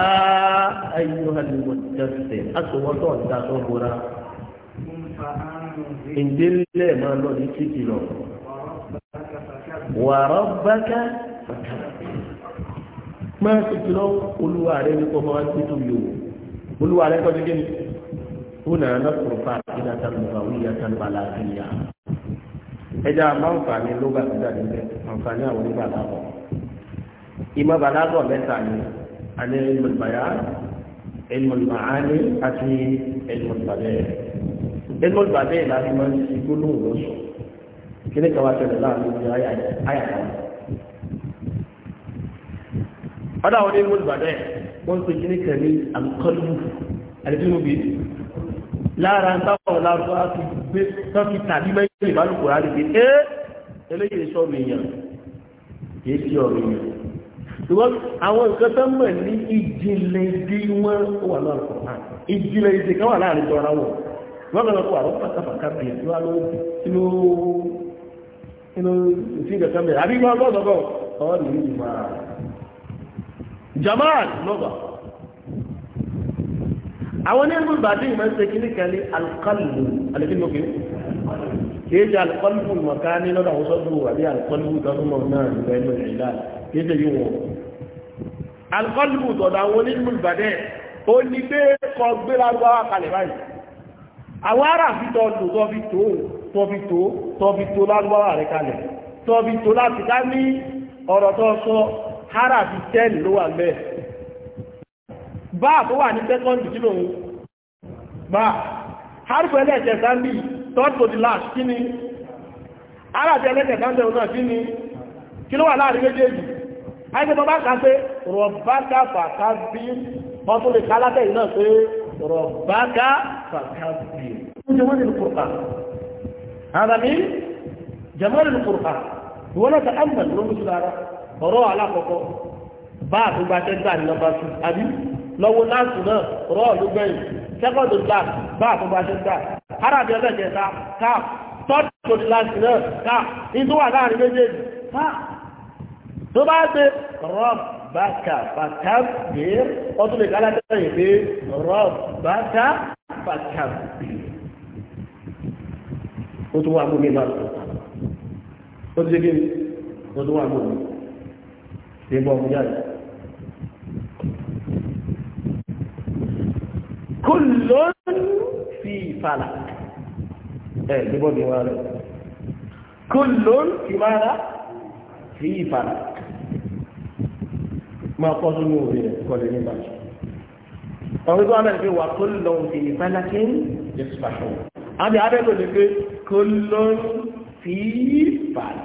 ayé halimu jẹ́sẹ̀ aṣọwọ́tọ̀ ìdásọ́ bóra ìdílé máa lọ ní títì lọ wàrọ̀ bákà máa títì olúwa rẹ̀ ní kọ́ máa títù yòó olúwa rẹ̀ kọ́ هنا نذكر فائدة لغوية بلاغية ẹja àmàǹfààní ló bá ti jáde bẹ àǹfààní àwọn oníbàdàbọ ìmọ̀ bàdàbọ mẹ́ta ni àní ẹlmọlùbàyà ẹlmọlùbàáni àti ẹlmọlùbàbẹ ẹlmọlùbàbẹ láti máa ń fi gbólóhùn lọsọ kíní kan wá ṣẹlẹ̀ láàrin ìlú àyàkà ọdọ àwọn ẹlmọlùbàbẹ wọn ń pè kíní kan ní àkọlù àdébíyàn bíi lára táwọn lárúbá ti gbé tọ́kì tàbí mẹ́rin ìbálòpọ̀ rárá pé ẹ́ eléyìí sọ̀rọ̀ èèyàn kìí sí ọ̀rọ̀ èèyàn ṣùgbọ́n àwọn nǹkan tó mọ̀ ní ìjìnlẹ̀ bí wọ́n wà lọ́rùkọ̀ náà ìjìnlẹ̀ ìdè kan wà láàrin jọra wọn wọ́n lọ́rọ̀ kó àwọn pátápátá bẹ̀rẹ̀ tí wọ́n lọ sínú sínú sí ìgbà kan bẹ̀rẹ̀ àbí wọ́n lọ́sọ̀gbọ̀n ọ̀rọ̀ ìlú ìmọ̀ jamal lọ́gbà àwọn onígbò ìbàdí ìmọ̀ ṣe kí ní kẹ́lé alkọlù alẹ́kínlógé kìí ṣe alkọlù mọ̀ká ní lọ́dọ̀ àwọn sọ́dún àbí alkọlù tọ́dúnmọ̀ náà nígbà inú ìlà kìí ṣe yíwọ̀ alkọlù tọ̀dọ̀ àwọn onígbò ìbàdí ó ní pé kọ gbé lárúbáwá kalẹ̀ báyìí àwọn ará fi tọ́ lò tọ́fi tó tọ́fi tó tọ́fi tó lárúbáwá rẹ̀ kalẹ̀ tọ́fi tó láti ká ní ọ̀rọ̀ tó sọ ará fi tẹ́lì ló wà mẹ́ẹ̀ bá tó wà ní sẹ́kọ́ndì kí lòun bá harfẹ́ ẹlẹ́ẹ̀kẹta ń third to the last kí ni aláàtẹ́ ẹlẹ́ẹ̀kẹta ń bẹ̀rún kí ni kí ló wà láàrin méjèèjì àìsẹ́ bá kà pé rọ̀bákà fàkàbí wọ́n lè ká látẹ̀ pé rọ̀bákà fàkàbí lọ́wọ́ láti náà rọ́ ló gbẹ̀yìn sẹ́kọ̀dù black bá àtúgbà ṣe gbà arábí ọjọ́ ìjẹta cap tọ́tù ní láti náà cap inú wà láàrin méjèèjì cap tó bá gbé rọ́b bàtà bàtà bèèrè ọdún lè kálá tẹ́lẹ̀ yìí kó lọ́n fi ìfàlà ẹ̀ gbogbo bí wọ́n rẹ̀ kó lọ́n fi máa rà fi ìfàlà máa kọ́ sínú òwe rẹ̀ kọ́lé nígbà tí ọ̀rọ̀ tó wà náà ní pé wà kó lọ́n fi ìfàlà kí ń jẹ́ sípàṣọ́ àbí abẹ́lò ní pé kó lọ́n ìfàlà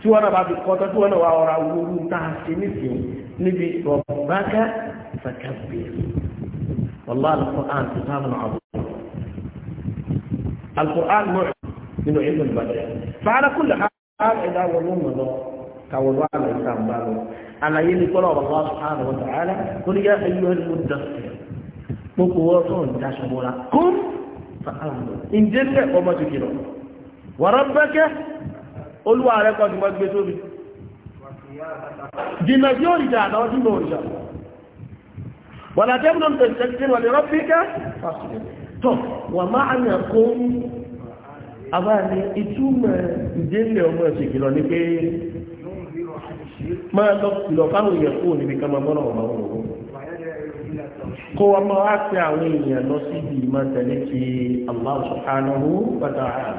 tí wọ́n náà bá fi kọ́ tọ́ tí wọ́n náà wà ọ̀rọ̀ awúrú tá a ṣe nísìnyí níbi ọ̀báká فكبر والله القرآن كتاب عظيم القرآن معجز من علم البدع فعلى كل حال إذا ولوم الله كوضع الإنسان باله على يلي قرأ الله سبحانه وتعالى قل يا أيها المدثر مقوصون تشمولا قم فأمر إن جل وما تكره وربك قل وعليك وما تكره jìnnà tí ó rí dáadáa ولا تبلغ تستكبر ولربك فاصبر طب ومعنى قوم abáni ìtumọ̀ ìdílé ọmọ ẹ̀sìn kìlọ̀ ní pé máa lọ kìlọ̀ fáwọn èèyàn kúrò níbi ká máa mọ́nà ọ̀rọ̀ ọ̀rọ̀ kó wa máa wá pé àwọn èèyàn lọ síbi ìmọ̀ tẹ̀lé ti Allah subhanahu wa ta'ala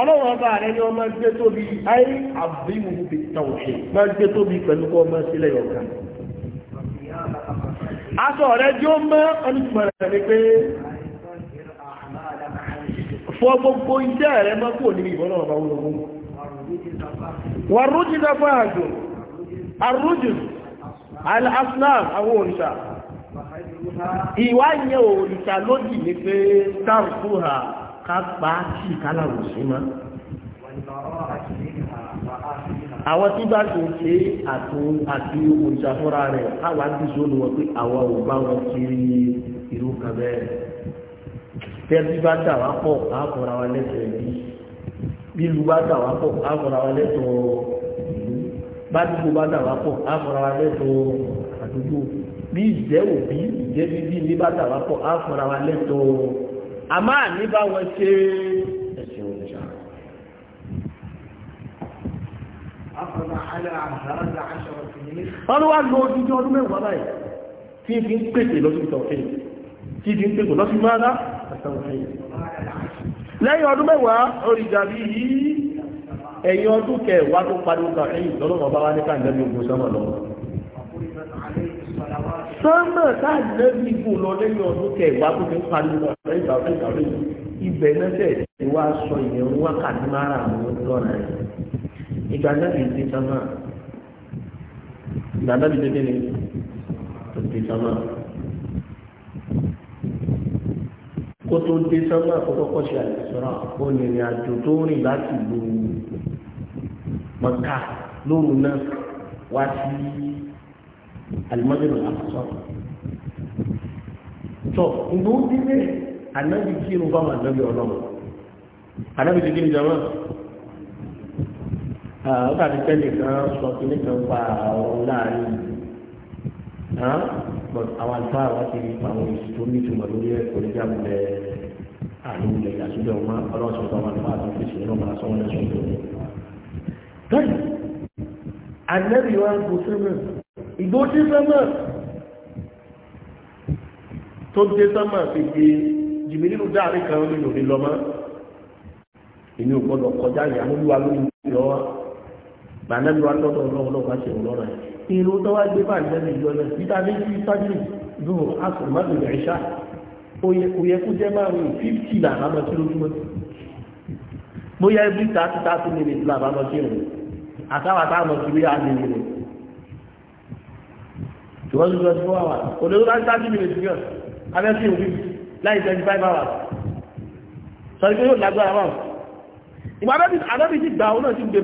ọlọ́wọ́ ọba rẹ ni ọmọ gbé tóbi ayé àbí mu bìtàwọ̀ṣe máa gbé tóbi pẹ̀lú kọ́ ọmọ sílẹ̀ yọ̀ọ̀kan aṣọ rẹ̀ jí ó mọ́ ọdúnmọ̀rẹ̀ rẹ̀ pé fọ gbogbo iṣẹ́ rẹ̀ mọ́ kò ní ìbọ́nà ọba ológun wọ́n rújì dáfà àjò arújì al-asnam àwọn òrìṣà ìwá yẹ òrìṣà lójì ní pé tàbí pàá sí ìkálàwò sí máa àwọn tí bá ti ń ṣe àtún àti òṣàfúnra rẹ̀ káwa ti sóòlù wọn pé àwa ò bá wọn kiri ìlú kan bẹ́ẹ̀ tẹ́bí bá dà wá pọ̀ àkọ́ra wa lẹ́sẹ̀ bí bílu bá dà wá pọ̀ àkọ́ra wa lẹ́tọ̀ ìlú bá dìbò bá dà wá pọ̀ àkọ́ra wa lẹ́tọ̀ àdúgbò bí ìjẹ́ òbí ìjẹ́ bíbí ní bá dà pọ̀ àkọ́ra wa lẹ́tọ̀ àmọ́ àní bá wọn ṣe é. wọ́n ló wá lọ ojújú ọdún mẹ́wàá báyìí tí fi ń pèsè lọ́sí ìtọ̀fẹ́ tí fi ń pèsè lọ́sí mọ́ra àtàwọ̀fẹ́ lẹ́yìn ọdún mẹ́wàá orí dàbí ẹ̀yìn ọdún kẹwàá tó pariwo kan ẹ̀yìn lọ́lọ́mọ bá wá ní káàdẹ́bí ogun sọ́mọ̀ lọ sọ́mọ̀ káàdẹ́bí gùn lọ lẹ́yìn ọdún kẹwàá tó fi ń pariwo kan ẹ̀yìn ìgbà ibẹ̀ náà tẹ̀ wá sọ ìyẹn wákàtí márùn-ún lọ́nà rẹ̀ ìgbà dábì ti sánmà ìgbà dábì tó kéde tó ti sánmà kó tó dé sánmà kó kọ́kọ́ ṣe àìsàn ó ní ìrìn àjò tó rìn láti lu mọ́ká lóru náà wá sí alimọ́dúnrún àkọsọ. tó ìgbà ó dé bẹ́ẹ̀ anábì kírun fáwọn anábì ọlọ́run anábì tó kéde jọmọ́ ó dàbí kẹ́lì kan sọ kìíní kan pa àwọn láàrin But àwọn àlùfáà àwọn ti pa àwọn èsì tó ní ìtumọ̀ lórí ẹ̀kọ́ lè jáde lẹ àlù lè àtúndẹ̀ wọn ọlọ́run sọ̀tọ̀ àwọn àlùfáà àti fèsì náà máa sọ wọn lẹ́sùn tó ní. tẹ́lẹ̀ ànẹ́bí wa ń kó sẹ́mẹ̀ ìgbó tí sẹ́mẹ̀ tó dé sẹ́mẹ̀ fi di jìbì nínú dáàrí kan nínú ìlọ́mọ́ èmi ò gbọ́dọ̀ kọjá ìyàmúlúwa lórí ìlọ́wọ́ bàánẹ́bí wa lọ́dọ̀ ọlọ́run lọ́wọ́ bá ṣe wọ́n lọ́rọ̀ ẹ̀ irú tó wá gbé bá ìjẹ́bí ìjọ lẹ̀ níta ní sí sábìlì dùn àsùn mọ́tò rẹ̀ ṣá kò yẹ kó jẹ́ máa rìn fífítì làbá lọ sí lójúmọ́ bóyá ibi tààtì tààtì nìyẹn làbá lọ sí rìn àtàwà táwọn ti rí àmì rìn ṣùgbọ́n lójú ọdún fún àwà olóòrùn láti sáájú mi lè abẹ́sí òfin láì 25 hours sọ ìpé yóò lágbára wọn ìgbà abẹ́bí ti gbà òun náà ti gbé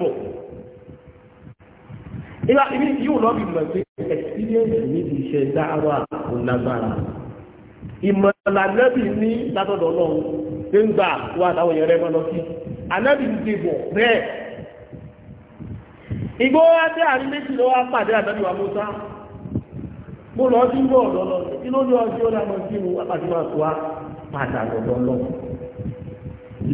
ìlà ibi yóò lọ bí mọ̀ pé experience níbi iṣẹ́ dáhàwà kò lágbára ìmọ̀ lànàbì ní látọ̀dọ̀ náà ṣe ń gbà wà táwọn èèyàn rẹ̀ mọ́ lọ sí ànábì ń dìbò bẹ́ẹ̀ ìgbó wá dé àárín méjì lọ́wọ́ pàdé ànábì wa Mùsá mo lọ sí ìgbó ọ̀dọ́ lọ sí ló ní ọjọ́ lámọ̀ sí mu apàtí máa tó wá padà lọ́dọ́ lọ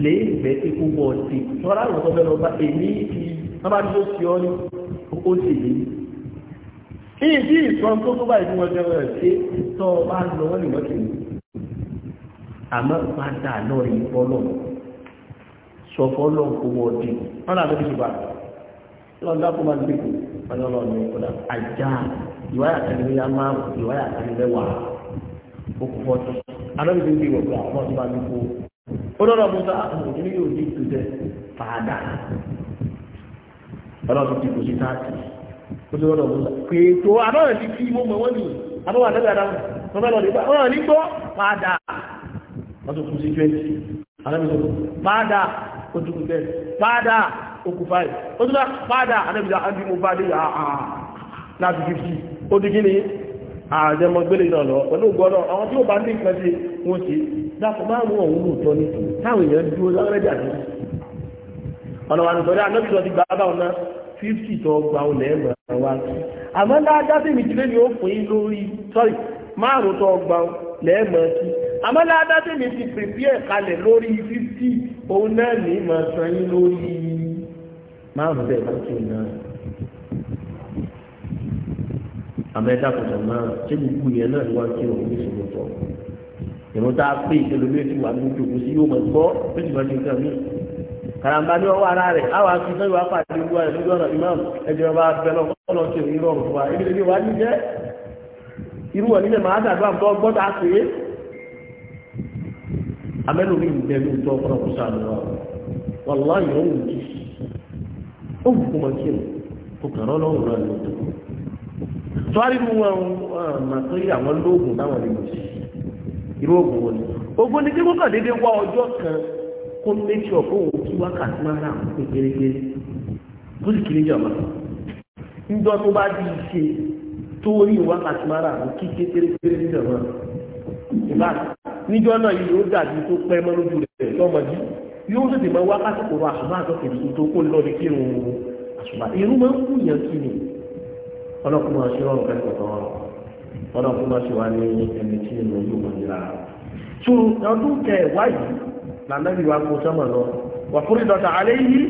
lè bẹ́ẹ̀ tí kú wọ́ọ̀dì tọ́lá lọ́dọ́ bẹ́ẹ̀ lọ́ba èmi ti wọ́n bá tó sí ọ ní ó sì lé ní ìdí ìsan tó tó bá ìdí wọn jẹrọ ẹ̀ ṣe tọ́ ọ bá lọ wọ́n lè wọ́n kìí àmọ́ padà lọ rí fọ́lọ́ sọ fọ́lọ́ kó wọ́n di wọ́n náà lọ́dún ṣùgbọ́n lọ́dún dákú máa ń dìbò wọ́n lọ́ọ́ ní ọ̀dà ajá ìwáyà tẹ̀lé máa ìwáyà tẹ̀lé wàá ó kú fọ́tò ọlọ́run ti kò sí táàkì ó ti rọ́dọ̀ mú pé tó àbọ̀rẹ̀ ti kí mú mọ̀ wọ́n ní àbọ̀wà lẹ́gbẹ̀ẹ́ adáhùn tó fẹ́ lọ nígbà ọ̀rọ̀ ní gbọ́ padà wọ́n tó kù sí twenty alábìsọ padà ó tún kù ten padà ó kù five ó tún padà alábìsọ àbí mo bá dé ah, ah, ah. láti fifty ó di kíni àjẹmọgbélé náà lọ pẹ̀lú gbọ́dọ̀ àwọn tí ó bá ní nǹkan ṣe wọ́n ṣe dákọ̀ máa mú ọ̀hún lóòótọ́ ní táwọn èèyàn dúró lọ́rẹ́dà ní ọ̀nà wà nítorí ànábìsọ ti gbà bá ọ̀nà fifty tó gba olè ẹ̀mọ̀ wa kí àmọ́ dáadáa sí ìmìtìlé ni ó fún yín lórí sorry márùn tó gba olè ẹ̀mọ̀ kí àmọ́ dáadáa sí ìmìtì prepare kalẹ̀ lórí fifty òun náà ní ìmọ̀ san yín lórí márùn bẹ́ẹ̀ bá tó náà àmọ́ ẹ̀dá kọ̀tọ̀ náà ṣé gbogbo yẹn náà ni wọ́n kí òun ní ìṣòro tọ̀ ìmọ̀ta pé ìṣèlú méjì wà ní ojú òkú sí yóò mọ̀ gbọ́ kàràmbà ní ọwọ́ ara rẹ̀ awa akíkọ ìwà pàdé ìwà ẹ̀ lójú ọ̀nà ìmáàmù ẹ̀jẹ̀ ọba abẹ́lọ kọ́lọ̀ ṣe ìrọ̀rùn fún wa ibi lè ní wàá ní jẹ́ irú wọn nílẹ̀ máa dàgbà gbọ́ gbọ́dọ̀ àṣẹ amẹ́lò mi bẹ̀ ló tọ́ ọkọ̀ ọkọ̀ mu kó méjì ọ̀pọ̀ òun kí wákàtí máa rà pé gẹ́gẹ́ kó sì kiri jọba ńjọ tó bá di ìṣe tó rí wákàtí máa rà pé kí kékeré níjọba ìbá níjọ náà yìí ó dàbí tó pẹ́ mọ́ lójú rẹ̀ lọ́mọdé yóò tètè máa wákàtí kò rọ àṣùbà àtọ́kẹ̀dẹ̀ tó kó lọ́ọ́ di kírun àṣùbà irú máa ń kú yẹn kí ni ọlọ́kùnrin máa ṣe ọ̀rọ̀ kẹ́kọ̀ọ́ tán ọlọ́kùnrin máa ṣe wá ní lànàbí wa kó sọ́mà lọ wà fúrí dọ̀tà alẹ́ yìí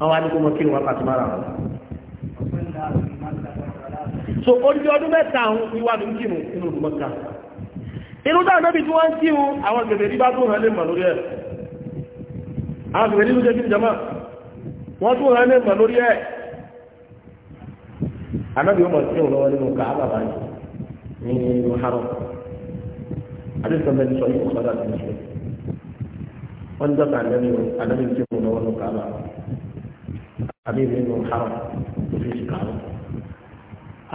àwọn adigunmọ̀ kí wọ́n pàtó mara wọn. so ojú ọdún mẹ́ta àwọn ìwádìí ń kírun inú ìlú mọ́ta inú dáa náà bí tí wọ́n ń kírun àwọn gbèsè rí bá tó hàn lè mọ̀ lórí ẹ̀ àwọn gbèsè rí ló jama wọ́n tó hàn lè mọ̀ lórí ẹ̀ anábì wọn mọ̀ sí òun lọ́wọ́ nínú káàbà báyìí ní ìlú haram àdéhùn bẹ́ẹ̀ sọ yìí kọ́kọ́ láti ṣe wọ́n dọ́gba àdébí àdébí tí mo lọ́wọ́ ló kàá bá àbí mi nù hàrà tó fi kàá bá.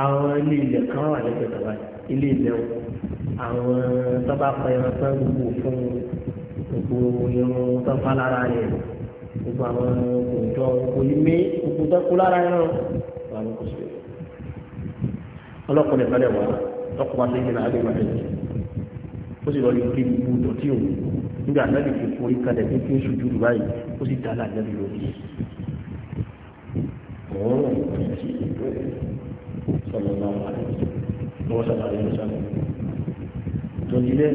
àwọn ilé ilẹ̀ kan wà lẹ́gbẹ̀ẹ́ tọ́ba ilé ilẹ̀ o àwọn tọ́ba pẹ̀lú pẹ́ gbogbo fún gbogbo irun tó fa lára rẹ̀ gbogbo àwọn òjò onímé gbogbo tó kú lára rẹ̀ wà ló kó sí. ọlọ́kùnrin balẹ̀ wà lọ́kùnrin balẹ̀ yìí nà á lè wà lẹ́yìn ó sì lọ yọ kí gbogbo ìdọ̀tí òun nígbà ànábì fi forí kalẹ̀ ní kí ó ṣojú rú báyìí ó sì dáná ànábì lórí ọ̀rọ̀ ìtì sọlọ́nà lọ́wọ́ sàlàyé ló sálẹ̀ tòní lẹ́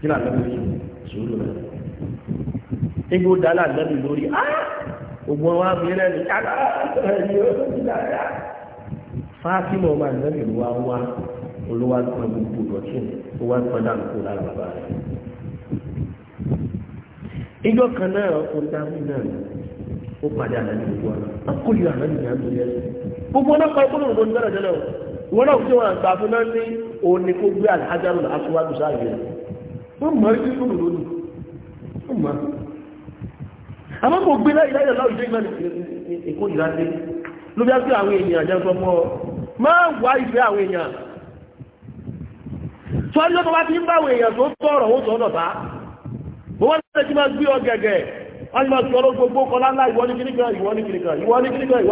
kí ni ànábì fi sòrò rẹ̀ nígbà ó dáná ànábì lórí ogun wa fi rẹ̀ ní kálá ẹ̀yọ́ fásitì mọ̀ ọmọ ànábì ló wá wá olówó àgbọn gbogbo dọ̀tún ó wá pọn dànù kó lára bàbá rẹ̀. ìjọ kan náà ọkùnrin dáhùn náà ó pàdé àlàyé gbogbo àná akóyò àlàyé náà ló yẹ gbogbo náà kọ́ ọkùnrin òbò nígbà jẹ́ náà wọn náà fi wọn àgbà fún náà ní òní kó gbé àjánu aṣọwájú sáàyè rẹ̀ wọ́n mọ̀ ní kíkúrò lónìí wọ́n mọ̀ àmọ́ kò gbé láyé láyé láwùjọ ìgbà sọ́rí ló tó bá ti ń báwọn èèyàn tó tọ́rọ̀ ó tọ́ lọ́ta gbogbo ẹgbẹ́ ti máa gbé ọ gẹ̀gẹ̀ wọ́n ti máa sọ̀rọ̀ gbogbo kọlá ńlá ìwọ ní kìnnìkan ìwọ ní kìnnìkan ìwọ ní kìnnìkan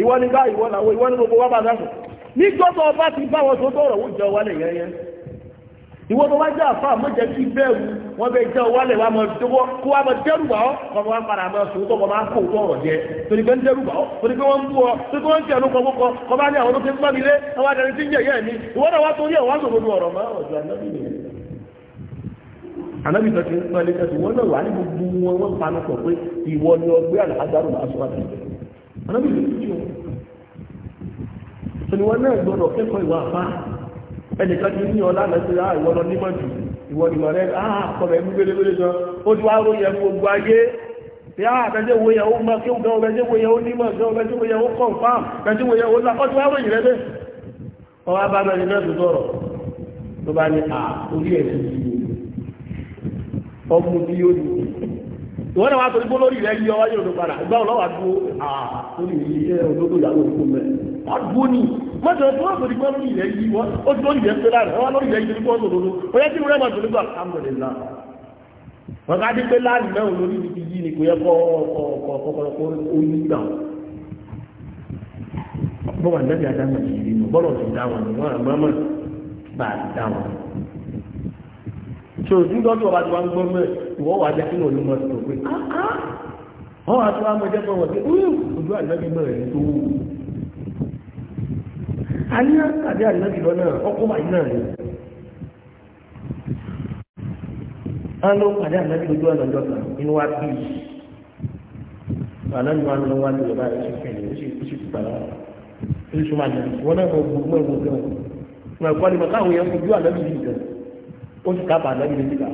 ìwọ ní gbá ìwọ làwọ ìwọ ní gbogbo wá bá dáhùn nígbọ́tọ̀ ọba ti báwọn tó tọ́rọ̀ ó jẹ wálé yẹn yẹn ìwọ́n tó wá jẹ́ àfa àmọ́jẹ́ kí bẹ́ẹ̀rù wọ́n bẹ jẹ́ wálẹ̀ wá mọ̀ dọ́wọ́ kó wá mọ̀ dẹ́rùbà ọ́ kọ́mọ wá padà mọ̀ sòwò tó kọ́ kó òótọ́ ọ̀rọ̀ jẹ torí pé ń dẹ́rùbà ọ́ torí pé wọ́n ń bú ọ torí pé wọ́n ń jẹ́ ọ̀nù kọ́kọ́ kọ́ kọ́ bá ní àwọn tó ti mi lé ọwọ́ adarí ti ń yẹ̀ yẹ́ mi ìwọ́n náà wá torí ẹ̀ wá sòdodo ọ̀rọ̀ mọ́ ọ̀dọ̀ anábì anábì tó ti ń pẹ́ lẹ́sẹ̀ tí náà wà ní gbogbo wọn wọ́n panu pọ̀ pé ìwọ ni ọgbẹ́ àlàájáde máa ẹnìkan ti ní ọlá lẹ́sẹ̀ á ìwọ lọ nímọ̀ jù ìwọ ìmọ̀ ah, rẹ á kọ̀ọ̀rọ̀ ẹ̀mú gbélébélé gan ó ti wá ròyìn ẹ̀mú gbogbo ayé tí á bẹ́jẹ́ wo yẹn ó mọ kí gan bẹ́jẹ́ wo yẹn ó nímọ̀ gan bẹ́jẹ́ wo yẹn ó kọ̀ǹfàm bẹ́jẹ́ wo yẹn ó lakọ́ ti wá ròyìn rẹ bẹ́ẹ̀ ọwọ́ abá mẹ́rin náà tó sọ̀rọ̀ tó bá ní à ah, orí ẹ̀ ti di ọmọ bí yóò di ìwọ́n náà wá torí gbólórí rẹ̀ yí ọwájú òdòpadà ìgbà ọlọ́wà dúró à orí ìṣẹ́ òdòdó ìyàwó ìkó mẹ́rin wọ́n dúró ní mọ́tò tí wọ́n sọ̀rọ̀ ìgbọ́n ìyẹn yìí wọ́n ó dúró ìyẹn pé láàrin wọ́n lórí ìyẹn yìí wọ́n sọ̀rọ̀ ó yẹ kí wọ́n máa sọ̀rọ̀ alhamdulillah wọ́n ká dé pé láàrin náà lórí ibi yìí ni kò yẹ kọ́ ọkọ̀ onígbà bọ́wà nẹ́bí adámọ̀ yìí nínú bọ́lọ̀ ti dá wọn wọn àmọ́mọ́ bá a dá wọn. tó nígbà tó ọba tó wá ń gbọ́ mọ́ ìwọ ojú àjọ́bí mọ́ tó wù àníyàn tàbí àníyàn jùlọ náà ọkọ̀ wáyé náà ni wọ́n ló pàdé ànábì lójú ọ̀nà ọjọ́ kan inú wa bí ànábì wa ló wá ní ìjọba rẹ̀ ṣe kẹ́lẹ̀ ó sì ó sì tùbà lára ó sì súnmọ́ ànábì wọn náà gbogbo mọ́ ìwọ gan wọn ẹ̀kọ́ ni bàtà àwọn èèyàn fojú ànábì yìí ó sì tábà ànábì lójú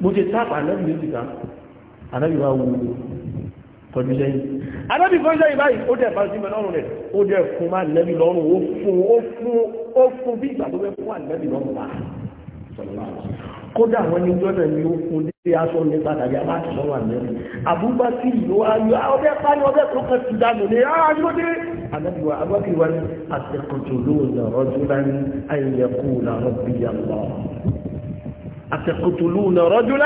mo ti tábà ànábì lójú kan tọ́jú sẹ́yìn anábì kan sẹ́yìn báyìí ó dẹ̀ bá sí mẹ́ lọ́rùn rẹ̀ ó dẹ̀ fún má nẹ́bí lọ́rùn ó fún ó fún ó fún bí ìgbà tó fẹ́ fún ànẹ́bí lọ́rùn bá kódà àwọn ẹni tó ẹ̀rẹ̀ ni ó fún dé aṣọ ní pàtàkì aláàtì sọ́rọ̀ ànẹ́bí àbúgbà sí ìlú ayọ̀ ọbẹ̀ pálí ọbẹ̀ tó kàn sí dànù ní ah, ayọ́dé ànẹ́bí wa abọ́kì wa ní àtẹkọ̀tò lóòrùn rọ́jú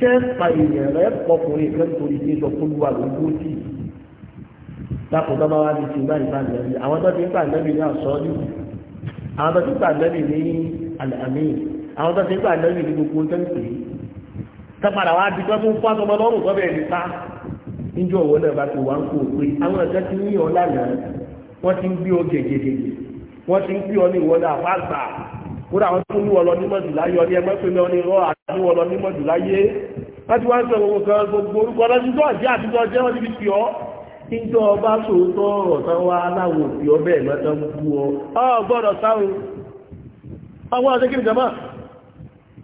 ṣé pa èèyàn rẹ pọkùnrin kan torí pé sọ fún wa ló gbó tì dákun tó bá wá di ti báyìí bá nẹ́bí àwọn tó ti ń gbà nẹ́bí ní àsọ́ọ́lù àwọn tó ti ń gbà nẹ́bí ní àlàmì àwọn tó ti ń gbà nẹ́bí ní gbogbo tẹ́ǹtì tẹ́padà wá di pé fún fún ọmọ lọ́rùn tó bẹ̀rẹ̀ nípa níjọ́ òwò náà bá ti wà ń kó o pé àwọn ẹ̀ka ti ń yàn lánàá wọ́n ti ń gbé ọ gègègègè wọ́n ti ń gbé ọ ní ìwọ́dà àpá kódà wọn tún níwọ̀ lọ nímọ̀ jù láyé ọdí ẹgbẹ́ pé lọ ní rọ àtúwọ̀ lọ nímọ̀ láti wá ń sọ gbogbo kan gbogbo orúkọ lọ́sí tó àti tó ọjẹ́ wọn níbi fi ọ́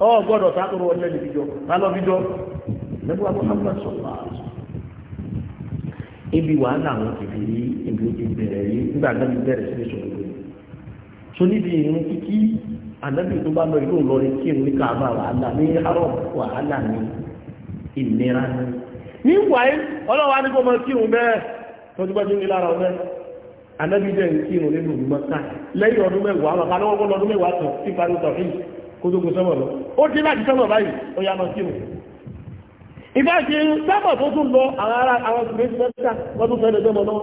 ọ gbọ́dọ̀ sáwọn ibi wàhálà àwọn ànábì tó bá lọ ìlú Ìlọrin kí n ní káàbà wàhálà ní arọ wàhálà ní ìnira ní. ní wàyí ọlọ́wà ní kò mọ kírun bẹ́ẹ̀ tọ́júbájú ní lára ọ̀rẹ́ ànábì dẹ̀ ń kírun nínú ìlú mọ́ta lẹ́yìn ọdún mẹ́wàá bàbá lọ́wọ́ kọ́ lọ́dún mẹ́wàá tán sí parí tọ̀fí kótókó sọ́mọ̀ lọ ó dé láti sọ́mọ̀ báyìí ó yá lọ kírun. ìbá ṣe sábà tó tún lọ àwọn ará àwọn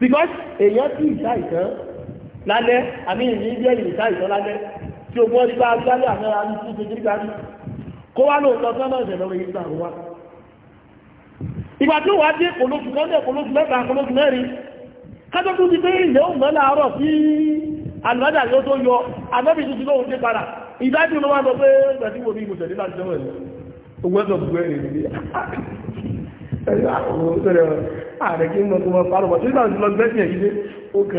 because èèyàn tí ìṣá ìtàn lálẹ́ àmì ìrìn ilé ìrìnsá ìtọ́ lálẹ́ tí ogun ọdí bá ní tí ìṣèjì kárí kó wá sọ́nà ìṣẹ̀lẹ̀ ìgbà tí dé mẹ́ta mẹ́rin kájọ́ tó ti pé ilẹ̀ òun mọ́ láàárọ̀ sí àlùmọ́dà yóò tó yọ lóhun dé padà ìdájú ló wá lọ pé gbẹ̀dí wo bí mo tẹ̀lé láti jẹ́wọ̀ ẹ̀ owó ẹ̀sọ̀ gbogbo ẹ̀rẹ̀ ààrẹ kí n tó tí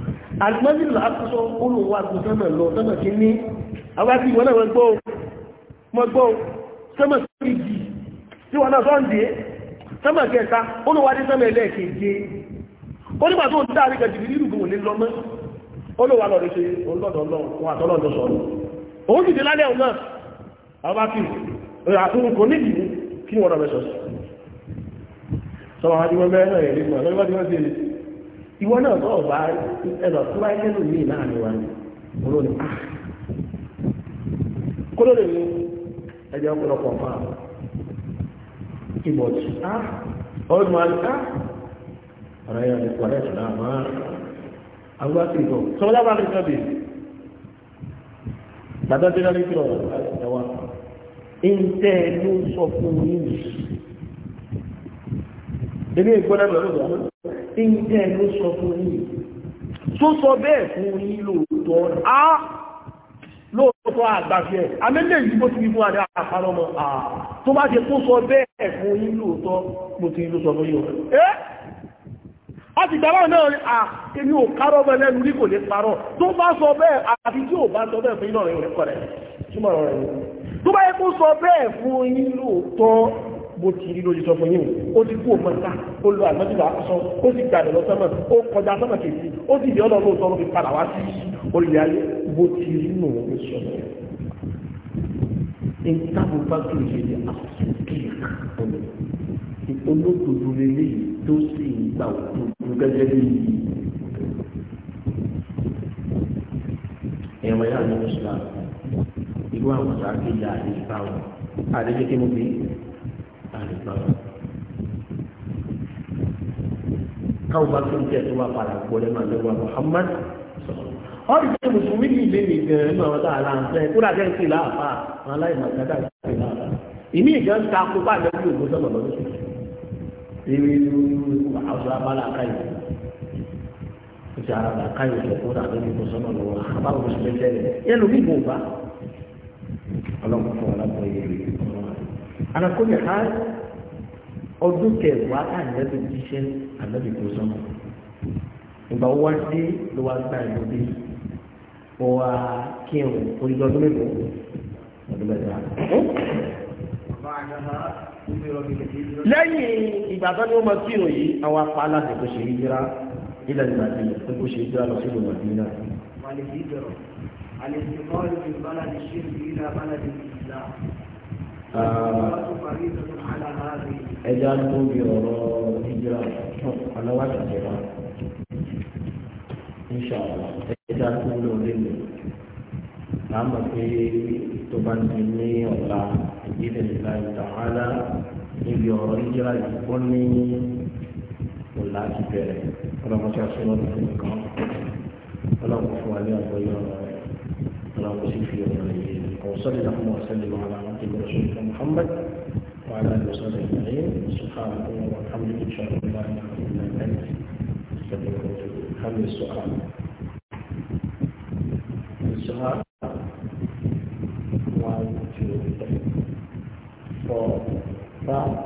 alimọ́sílù àtúnṣọ olùwà àtúnṣọ́nà lọ sọ́nà kí ní àwákí ìwọ̀n náà mọ́gbọ́ mọ́gbọ́ sọ́mọ̀ sí ìjì tí wọ́n náà sọ́ǹdì sọ́mọ̀ kẹta olùwà dé sọ́mọ̀ ẹlẹ́ẹ̀keje ó nígbà tó ń dá àríkà jìbì nínú gbòmò ní lọ́mọ́ olùwà lọ rẹ̀ ṣe olódọ̀ ọlọ́run ìwọ náà tó ọba ẹlọ tó wáyé lẹ́nu mi láàrin wa ni olóòlù a ah! kólóòlù mi ẹjẹ ọpọlọpọ ọba ìbọ̀tì a ọdún wa ni a ọ̀rọ̀ yẹn nípa rẹ̀ tó náà máa àwọn àti ìbọ̀ sọ́wọ́n lábàá ní sọ́bì bàtà tó náà ní kí ọ̀rọ̀ ẹ̀wà ìǹtẹ́ ló sọ fún yìí. Ilé ìgbọ́dọ̀ lọ́dọ̀ tí ń jẹ́ ló sọ fún yìí tó sọ bẹ́ẹ̀ fún yìí lóòótọ́ á lóòótọ́ àgbàfẹ́ amẹ́lẹ̀ yìí bó ti wí fún àdá àpárọ̀ à tó bá ti kó sọ bẹ́ẹ̀ fún yìí lóòótọ́ mo ti ló sọ fún yìí ẹ́ a ti gbàrọ̀ náà ni à èmi ò kárọ̀ bẹ́ẹ̀ lẹ́nu rí kò lè parọ́ tó bá sọ bẹ́ẹ̀ àti tí ò bá sọ bẹ́ẹ̀ fún yìí náà rẹ̀ kọ̀ tó bá yẹ kó sọ bẹ́ẹ̀ fún yìí lóòótọ́ bó ti rí lójú sọ fún yín ó ti kú òmọta ó lọ àgbẹ̀dìbà aṣọ ó sì gbà lọ sọmọ ó kọjá sọmọ kejì ó sì yọ lọ́wọ́ sọmọ fi padà wá sí orílẹ̀ ayé bó ti rí nù ó sọ lọ. ìtàbù bá tó lè ṣe àṣìṣe kéèkì olódodo lélẹ́yìí tó sì ń gbà òdodo gẹ́gẹ́ bí ẹ̀rọ yára ní mùsùlùmí irú àwọn ọ̀dọ́ akéjà àdéjì báwọn àdéjì kí mo bí káwọn bá tún jẹ́ tó wá padà pọ̀ lẹ́nu àlẹ́wà Muhammad ọ́n ti jẹ́ mùsùlùmí ní ilé mi gan ẹ̀mọ́ àwọn tààrà ń fẹ́ kúrò àjẹ́ ìpìlẹ̀ àpá àwọn aláìmọ̀tàdà ìpìlẹ̀ àpá ìmí ìgbà ń ta kó bá àjẹ́kù ògbó sọ̀rọ̀ lọ́dún sí ìwé ìlú àwọn abala káyọ̀ ìjà ara káyọ̀ ìjọ̀kúrò àjẹ́kù ògbó sọ̀rọ̀ lọ́wọ́ àbáwọn mùsùlùmí jẹ́ alákòóyè ká ọdún kẹwàá ká ànábì jíṣẹ́ ànábì tó sọmọ ìgbà wo wá sí ló wá gba ìlú bí mo wá kí n orí ọdún mẹ́tọ́ ọdún mẹ́tọ́ lẹ́yìn ìgbà tó ní wọ́n máa kírun yìí àwọn apá aláṣẹ tó ṣe yíra ilẹ̀ ìgbà tí ó kó ṣe yíra lọ sí ìlú màdínà. wàlẹ̀ yìí jọrọ̀ àlè ìsìnkọ́ ìlú bálá ní ṣé ìlú ìlà bálá ní ìsìlá ẹja tó bí ọ̀rọ̀ ìjọ aláwàtà jẹba inṣàlá ẹja tó lò lélẹ̀ láàmú pé tó bá ti ní ọ̀la ìdílé ìlà ìtàhálà níbi ọ̀rọ̀ ìjọ ìkọ́ ní ọ̀la ti bẹ̀rẹ̀ ọlọ́mọṣẹ́ aṣọ́nà tó nìkan ọlọ́mọ fún wa ní àgbọ̀yọ̀ ọlọ́mọ sì fi ọ̀rọ̀ yìí. وصلى اللهم وسلم على عبدك ورسولك محمد وعلى اله وصحبه اجمعين سبحانك اللهم وبحمدك ان شاء الله لا اله الا انت استغفرك واتوب السؤال السؤال one two three four five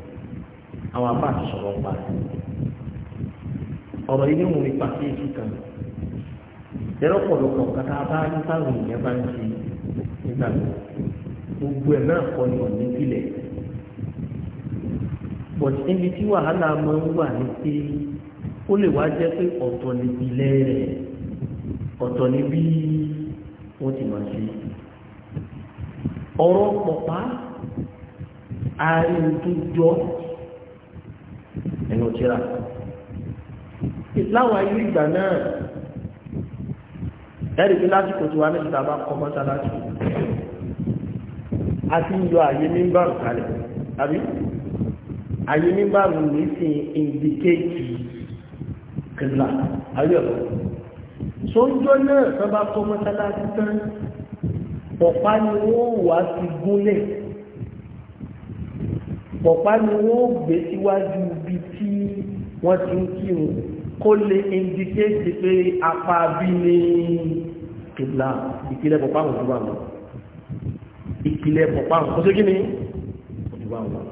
àwọn apá àti sọ̀rọ̀ pa ọ̀rọ̀ ilé òun ipa sí èsì kan yẹ́rọ pọ̀lọpọ̀ kàtà bá ní táwọn èèyàn bá ń ṣe nígbà tó gbogbo ẹ̀ náà kọ́ ni ọ̀nà ìpìlẹ̀ but níbi tí wàhálà máa ń wà ní pé ó lè wá jẹ́ pé ọ̀tọ̀ níbi ilẹ̀ ọ̀tọ̀ níbi wọ́n ti máa ṣe ọ̀rọ̀ pọ̀pá àárín tó jọ nínú tíra láwọn ayé ìgbà náà ẹ̀rì bí lásìkò tí wà ní ìta bá kọ́ mọ́sálásì a ti ń yọ àyè mímbàrún kalẹ̀ àbí àyè mímbàrún ní sí indikéèkì kìlà ayé ọ̀rọ̀ sóńjọ́ náà tó bá kọ́ mọ́sálásì tán pọ̀pá ni wọ́n wà ti gúnlẹ̀ pọ̀pá ni wọ́n gbé síwájú ibi tí wọ́n ti ń kírun kó lè indicate pé apá bí ní kìlá ìpìlẹ̀ pọ̀pá àwọn òjúbà wọn ìpìlẹ̀ pọ̀pá àwọn òjúbà kí ni òjúbà wọn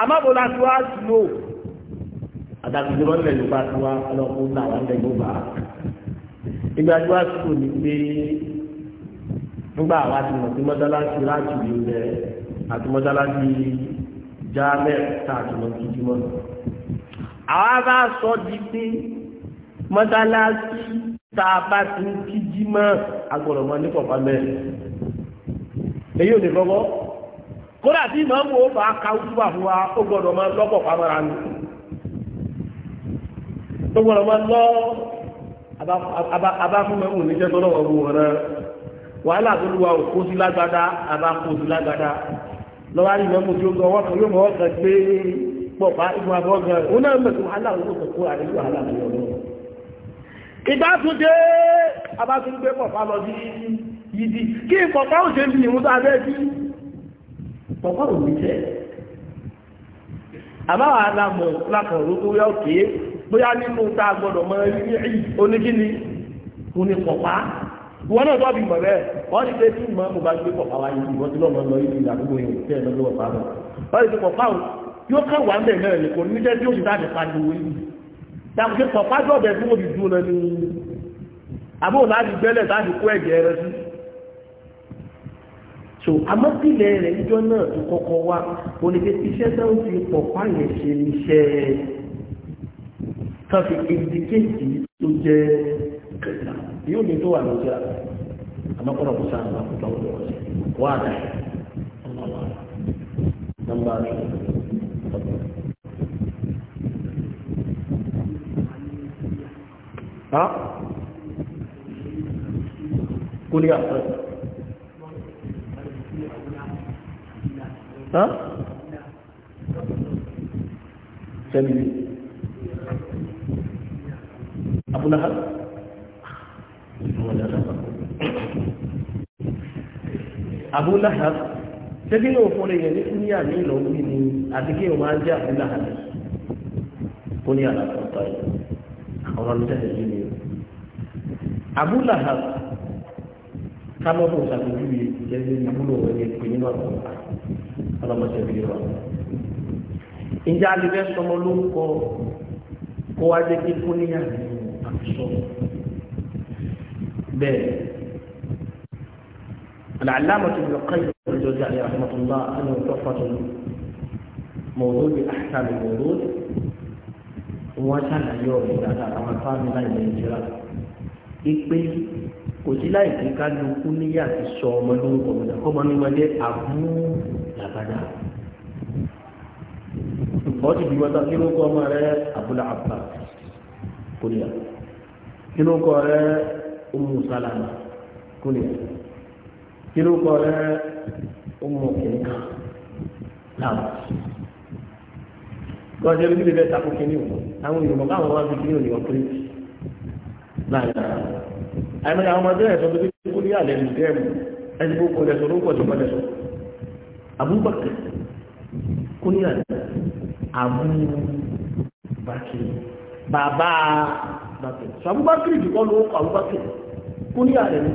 amábòlá tí wá lò àdàbí ìjọba nílẹ̀ yorùbá tí wá ọlọ́kùn náà wà nílẹ̀ yorùbá ìgbà tí wá sùkò ní pé nígbà wá ti mọ̀ sí mọ́sálásí láti ìlú rẹ̀ àti mọ́sálásí jáàmẹ́ tààtùmọ̀ kìjìmọ̀ àwọn bá sọ di pé mọ́sálásí tààbá ti ń kìjìmọ̀ agbọ̀rọ̀mọ́ ní pọ̀pá mẹ́rin èyí ò ní kọ́kọ́ kódà tí ìmọ̀mù ó bá ka ojúbà fún wa ó gbọ́dọ̀ máa lọ́pọ̀ pamọ́ra ni ó gbọ́dọ̀ máa lọ́ abáfúnmẹ́mù níjẹ́ tọ́lọ́wọ́ wọn náà wàhálà tó lù wa ò kó sí lágbádá abá kó sí lágbádá lọ́wọ́ rí mọ́mú tí ó gan wọ́n kan yóò mọ́ ọ̀kan gbé pọ̀pá ìgbìmọ̀ àbọ̀ gan òun náà mẹ̀tò wàhálà òun ló kọ̀kọ́ àrẹ yóò wàhálà lọ́wọ́ lọ́wọ́. ìgbà tún dé abátún gbé pọ̀pá lọ sí yìí kí pọ̀pá ò ṣe ń bìyìn mútó wọn náà tó bí mọ̀ bẹ́ẹ̀ wọ́n ti pé tí mọ̀ mo bá gbé pọ̀pá wa yìí ìwọ́n ti lọ́mọ lọ ilé àdúgbò yìí tẹ́ ẹ̀ lọ́wọ́ pàmò wọ́n ti pé pọ̀pá o yóò kẹ́ wà ńbẹ̀ náà ní kò ní jẹ́ tí ó ti dáàbì pariwo yìí dàbí pé pọ̀pá tó ọ̀bẹ fún òbí dúró lẹ́nu àbó láti gbẹ́lẹ̀ láti kó ẹ̀jẹ̀ rẹ sí. so àmọ́ pílẹ̀ rẹ̀ níjọ́ náà tó kọ́kọ́ wá oníke iṣẹ́ tó ń fi pọ̀pá yẹn ṣe iṣẹ́ kan fi indikéètì tó jẹ́ kẹta yóò lè tó wà ní ìtura àmọ́ kọ́nà kò sáà nípa kó tọ́wọ́ lọ́wọ́ sí wà á dáhùn ọmọ wa nọ́mbà rẹ. kó ní Abu Lahab. Abu Lahab ṣé kí yóò fún ẹyẹ ní kúnyà ní ìlọ́wọ́ yìí ni àti kí yóò máa jẹ́ Abu Lahab kúnyà láti ọ̀tọ̀ yìí àwọn ọlọ́dẹ̀dẹ̀ yìí ni Abu Lahab kámọ́tò ṣàpèjúwe ìjẹ́sẹ̀ ìwúlò ẹ̀yẹ pé nínú àwọn ọlọ́mọṣẹ́ bí wọn. Ǹjẹ́ alẹ́ sọmọ ló ń kọ kó wá jẹ́ kí kúnyà ní àfisọ́mọ́ bẹ́ẹ̀ العلامة ابن القيم الجوزائي رحمه الله أنه تحفة موضوع أحكام الورود وشان أيوه إذا تعالى فاهم لا ينجرى ìpè kò sí láì fi kálukú níyà ti sọ ọmọ lórúkọ mọ̀tà kọ́ máa ń wọlé àbú làbàdà. ọ̀ ti fi wọ́tá kí ló kọ́ ọmọ rẹ Abul Abbas kò níyà kí ló kọ́ rẹ Ummu Salama kúlẹ̀ kíró kọ́ rẹ Ummu kìnìkan náà gbọ́dọ̀ ẹbí bíbẹ́ takò kìnìún àwọn èèyàn káwọn wá fi kìnìún ní ọkùnrin láàrin àìmọye àwọn ọmọdé ẹ̀sọ́ tó fi kú ní àlẹ́ ìlú dẹ́ẹ̀mù ẹni gbogbo ẹ̀sọ́ ló ń pọ̀ tó pọ̀ lẹ́sọ̀ Abubakar kú ní Abu Abubakar bàbá bàbá sọ Abubakar jùlọ ló kọ kúníyà rẹ̀ ní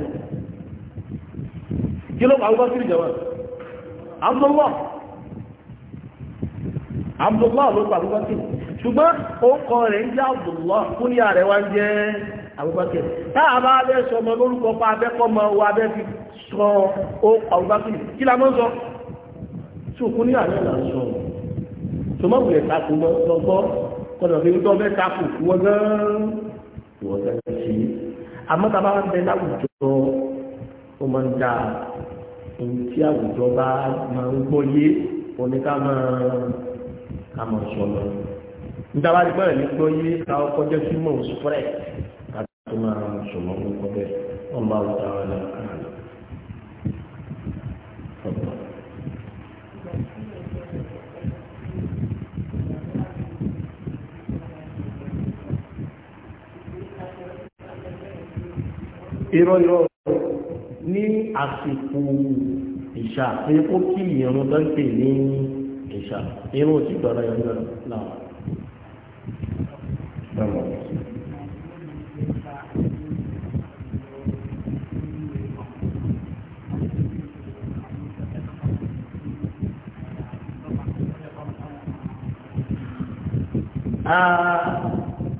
kí ló pàwọ́ sí ìjọba Abdullah Abdullah ló pàwọ́ sí ṣùgbọ́n ó kọ rẹ̀ ń jẹ́ Abdullah kúníyà rẹ̀ wá ń jẹ́ Abubakar táà bá abẹ́ sọ ọmọ lórúkọ pa abẹ́kọ́ ọmọ wa abẹ́ fi sọ ó Abubakar kí la mọ́ sọ tí òkú ní àná là ń sọ ṣùgbọ́n wùlẹ̀ takò lọ́gbọ́ kọ́nà fi ń tọ́ mẹ́ta kù wọ́n gán àmọ́ tá a bá ń bẹ láwùjọ ó máa ń da ohun tí àwùjọ bá máa ń gbọ́ yé òní ká máa ká máa sọ níta bá ti bẹ̀rẹ̀ ní gbọ́ yé ká ọkọ̀ jẹ́ kí tó máa sọ̀rọ̀ ní kọ́bẹ̀ ọ̀nà àwùjọ àwọn ẹ̀dá. irọ́ irọ́ ní àsìkò ìṣà ẹni kó kí ìrún bá ń pè ní ìṣà irun ò tí gbọ́dọ̀ yọ nígbà náà.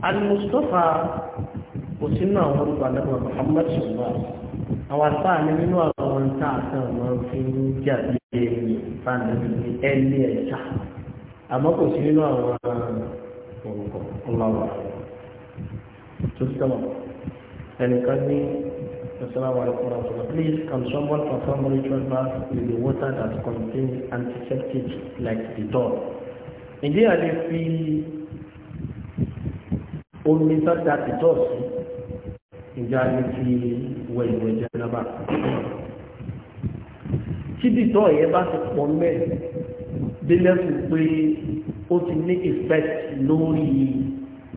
المصطفى kò sínú àwọn orúkọ àdàbọ̀ Muhammad sọ̀rọ̀ àwọn àtàwọn nínú àwọn tá a kàn máa fi ń jà lé ẹni fáànù ní ẹni ẹ̀ta àmọ́ kò sí nínú àwọn orúkọ ọlọ́wọ́ tó ti ẹnìkan ní Assalamu alaikum warahmatullahi Please, can someone perform ritual bath with the water that contains antiseptic like the Dettol? Ǹjẹ́ a lè fi omi sọ́dà Dettol sí? ìjà ní ti wẹ ìwẹ̀ jẹnaba tíbitọ́ yẹn bá ti pọ̀ mẹ́ délẹ́kùn pé ó ti ní effect lórí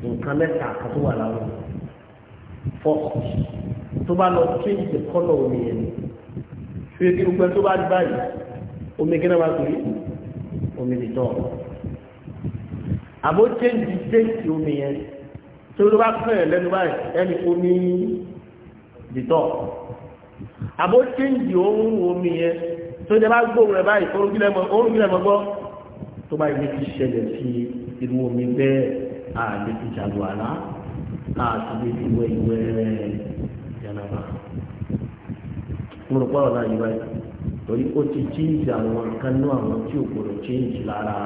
nǹkan mẹ́ta àti wà láwọn first tó bá lọ change the colour omi yẹn ni fi kí gbogbo tó bá báyìí omi kí náà bá pè é omi ti tọ́ àbó change the date omi yẹn ni torí ló bá fẹ́ lẹ́nu báyìí ẹni kò ní dìtọ̀ àbó chéǹjì òórùn omi yẹn tó jẹ bá gbóhùn rẹ báyìí òórùn kílẹ̀ mọ́ gbọ́ tó bá ilé ti ṣẹlẹ̀ sí irú omi bẹ́ẹ̀ àlè ti jàlù àlá káàkiri ti wẹ ìwẹ ìjànàbà mo rò ọ̀la yìí báyìí torí ó ti chéǹjì àwọn kan náà àwọn tí ò gbọdọ̀ chéǹjì lára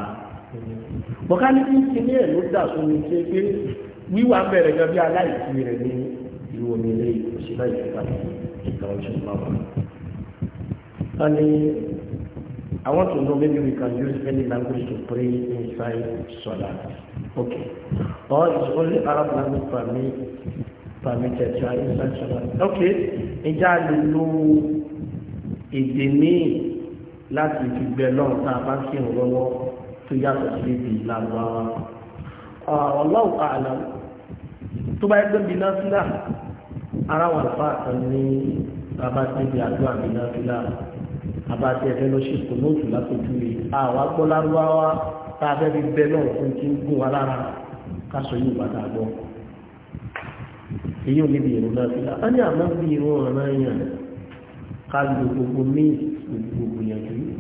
bọ̀ká ní kí n ti ní ẹ̀ ló dà wíwà bẹ̀rẹ̀ gan bí aláìsí rẹ̀ ní ìlú omi ilé òṣìlá ìjọba ìgbà ọjọ́ ìpamọ́. wọ́n ní I want to know maybe we can use any language to pray inside Salah. Okay. Or it's only Arab language for permit, permitted to inside Salah? Okay. Ìjà lè lo èdè míì láti fi gbẹ náà tá a bá kírun lọ́wọ́ tó yàtọ̀ sí ibi ìlànà wa. Allahu a'lam tó bá yẹ pé bìnnà sílà ara wà fà kan ní bàbá tí ibi àdúrà bìnnà sílà bàbá tí ẹfẹ lọ ṣe kòmóòtù látòjú rè àwa gbọ́ lárúbáwá tá a fẹ́ fi bẹ náà fún kí ń gún wa lára ká sọ yìí wàdà gbọ́ èyí ò níbi ìrún náà sílà á ní àmọ́ bí ìrún ọ̀ràn náà ká lo gbogbo míì gbogbo ìyànjú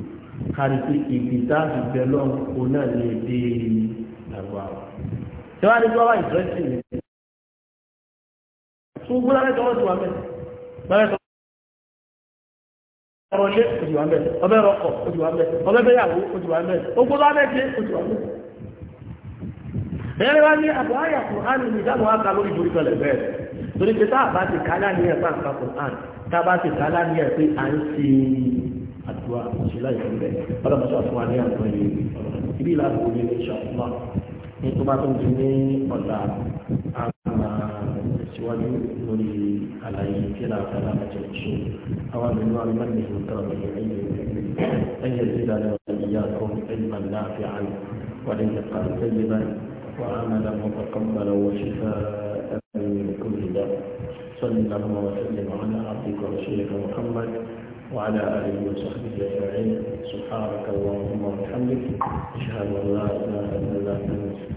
kárí pé ibi dáàbò bẹ lọ́wọ́ òun náà lè dé àgbà. ṣé wàá ní bí wọ́n wá tún gbọ́nà rẹ̀ tọ́wọ́ ìwà mẹ́rin bẹ́rẹ̀ tọ́wọ́ ọ̀rọ̀lẹ́ òjìwà mẹ́rin ọbẹ̀ rọ̀kọ̀ òjìwà mẹ́rin ọbẹ̀ bẹ́yàwó òjìwà mẹ́rin ogbó bá mẹ́rin òjìwà mẹ́rin bẹ́ẹ̀rẹ̀ wá ní àbọ̀ àyà kùránì ní ìdáhùn áka lórí ìjòrí kan lẹ̀ bẹ́ẹ̀ torí pé tá a bá ti kálá ní ẹ̀fà nǹkan kùránì tá a bá ti kálá ní ẹ̀fẹ́ à ń ṣe àdúrà òṣèlá ìfẹ́ ọlọ́mọṣọ́ fún wa ní àwọn ẹ̀yẹ ibi ìlànà òye ìṣàkóso ní tẹ̀síwájú lórí àlàyé kíra àtàlà àti ìṣó àwọn àmì náà lọ́nà ní ìṣòro tọ́lọ̀ lórí ẹ̀yẹ ẹ̀yẹ ìṣẹ̀dá lọ́wọ́ ìyá kan ẹ̀yìnbá náà fi àlù wàlẹ̀ ìjẹ̀ka ẹ̀yìnbá وعملا متقبلا وشفاء من كل داء صلى الله وسلم على عبدك ورسولك محمد وعلى آله وصحبه أجمعين سبحانك اللهم وبحمدك أشهد أن لا إله إلا أنت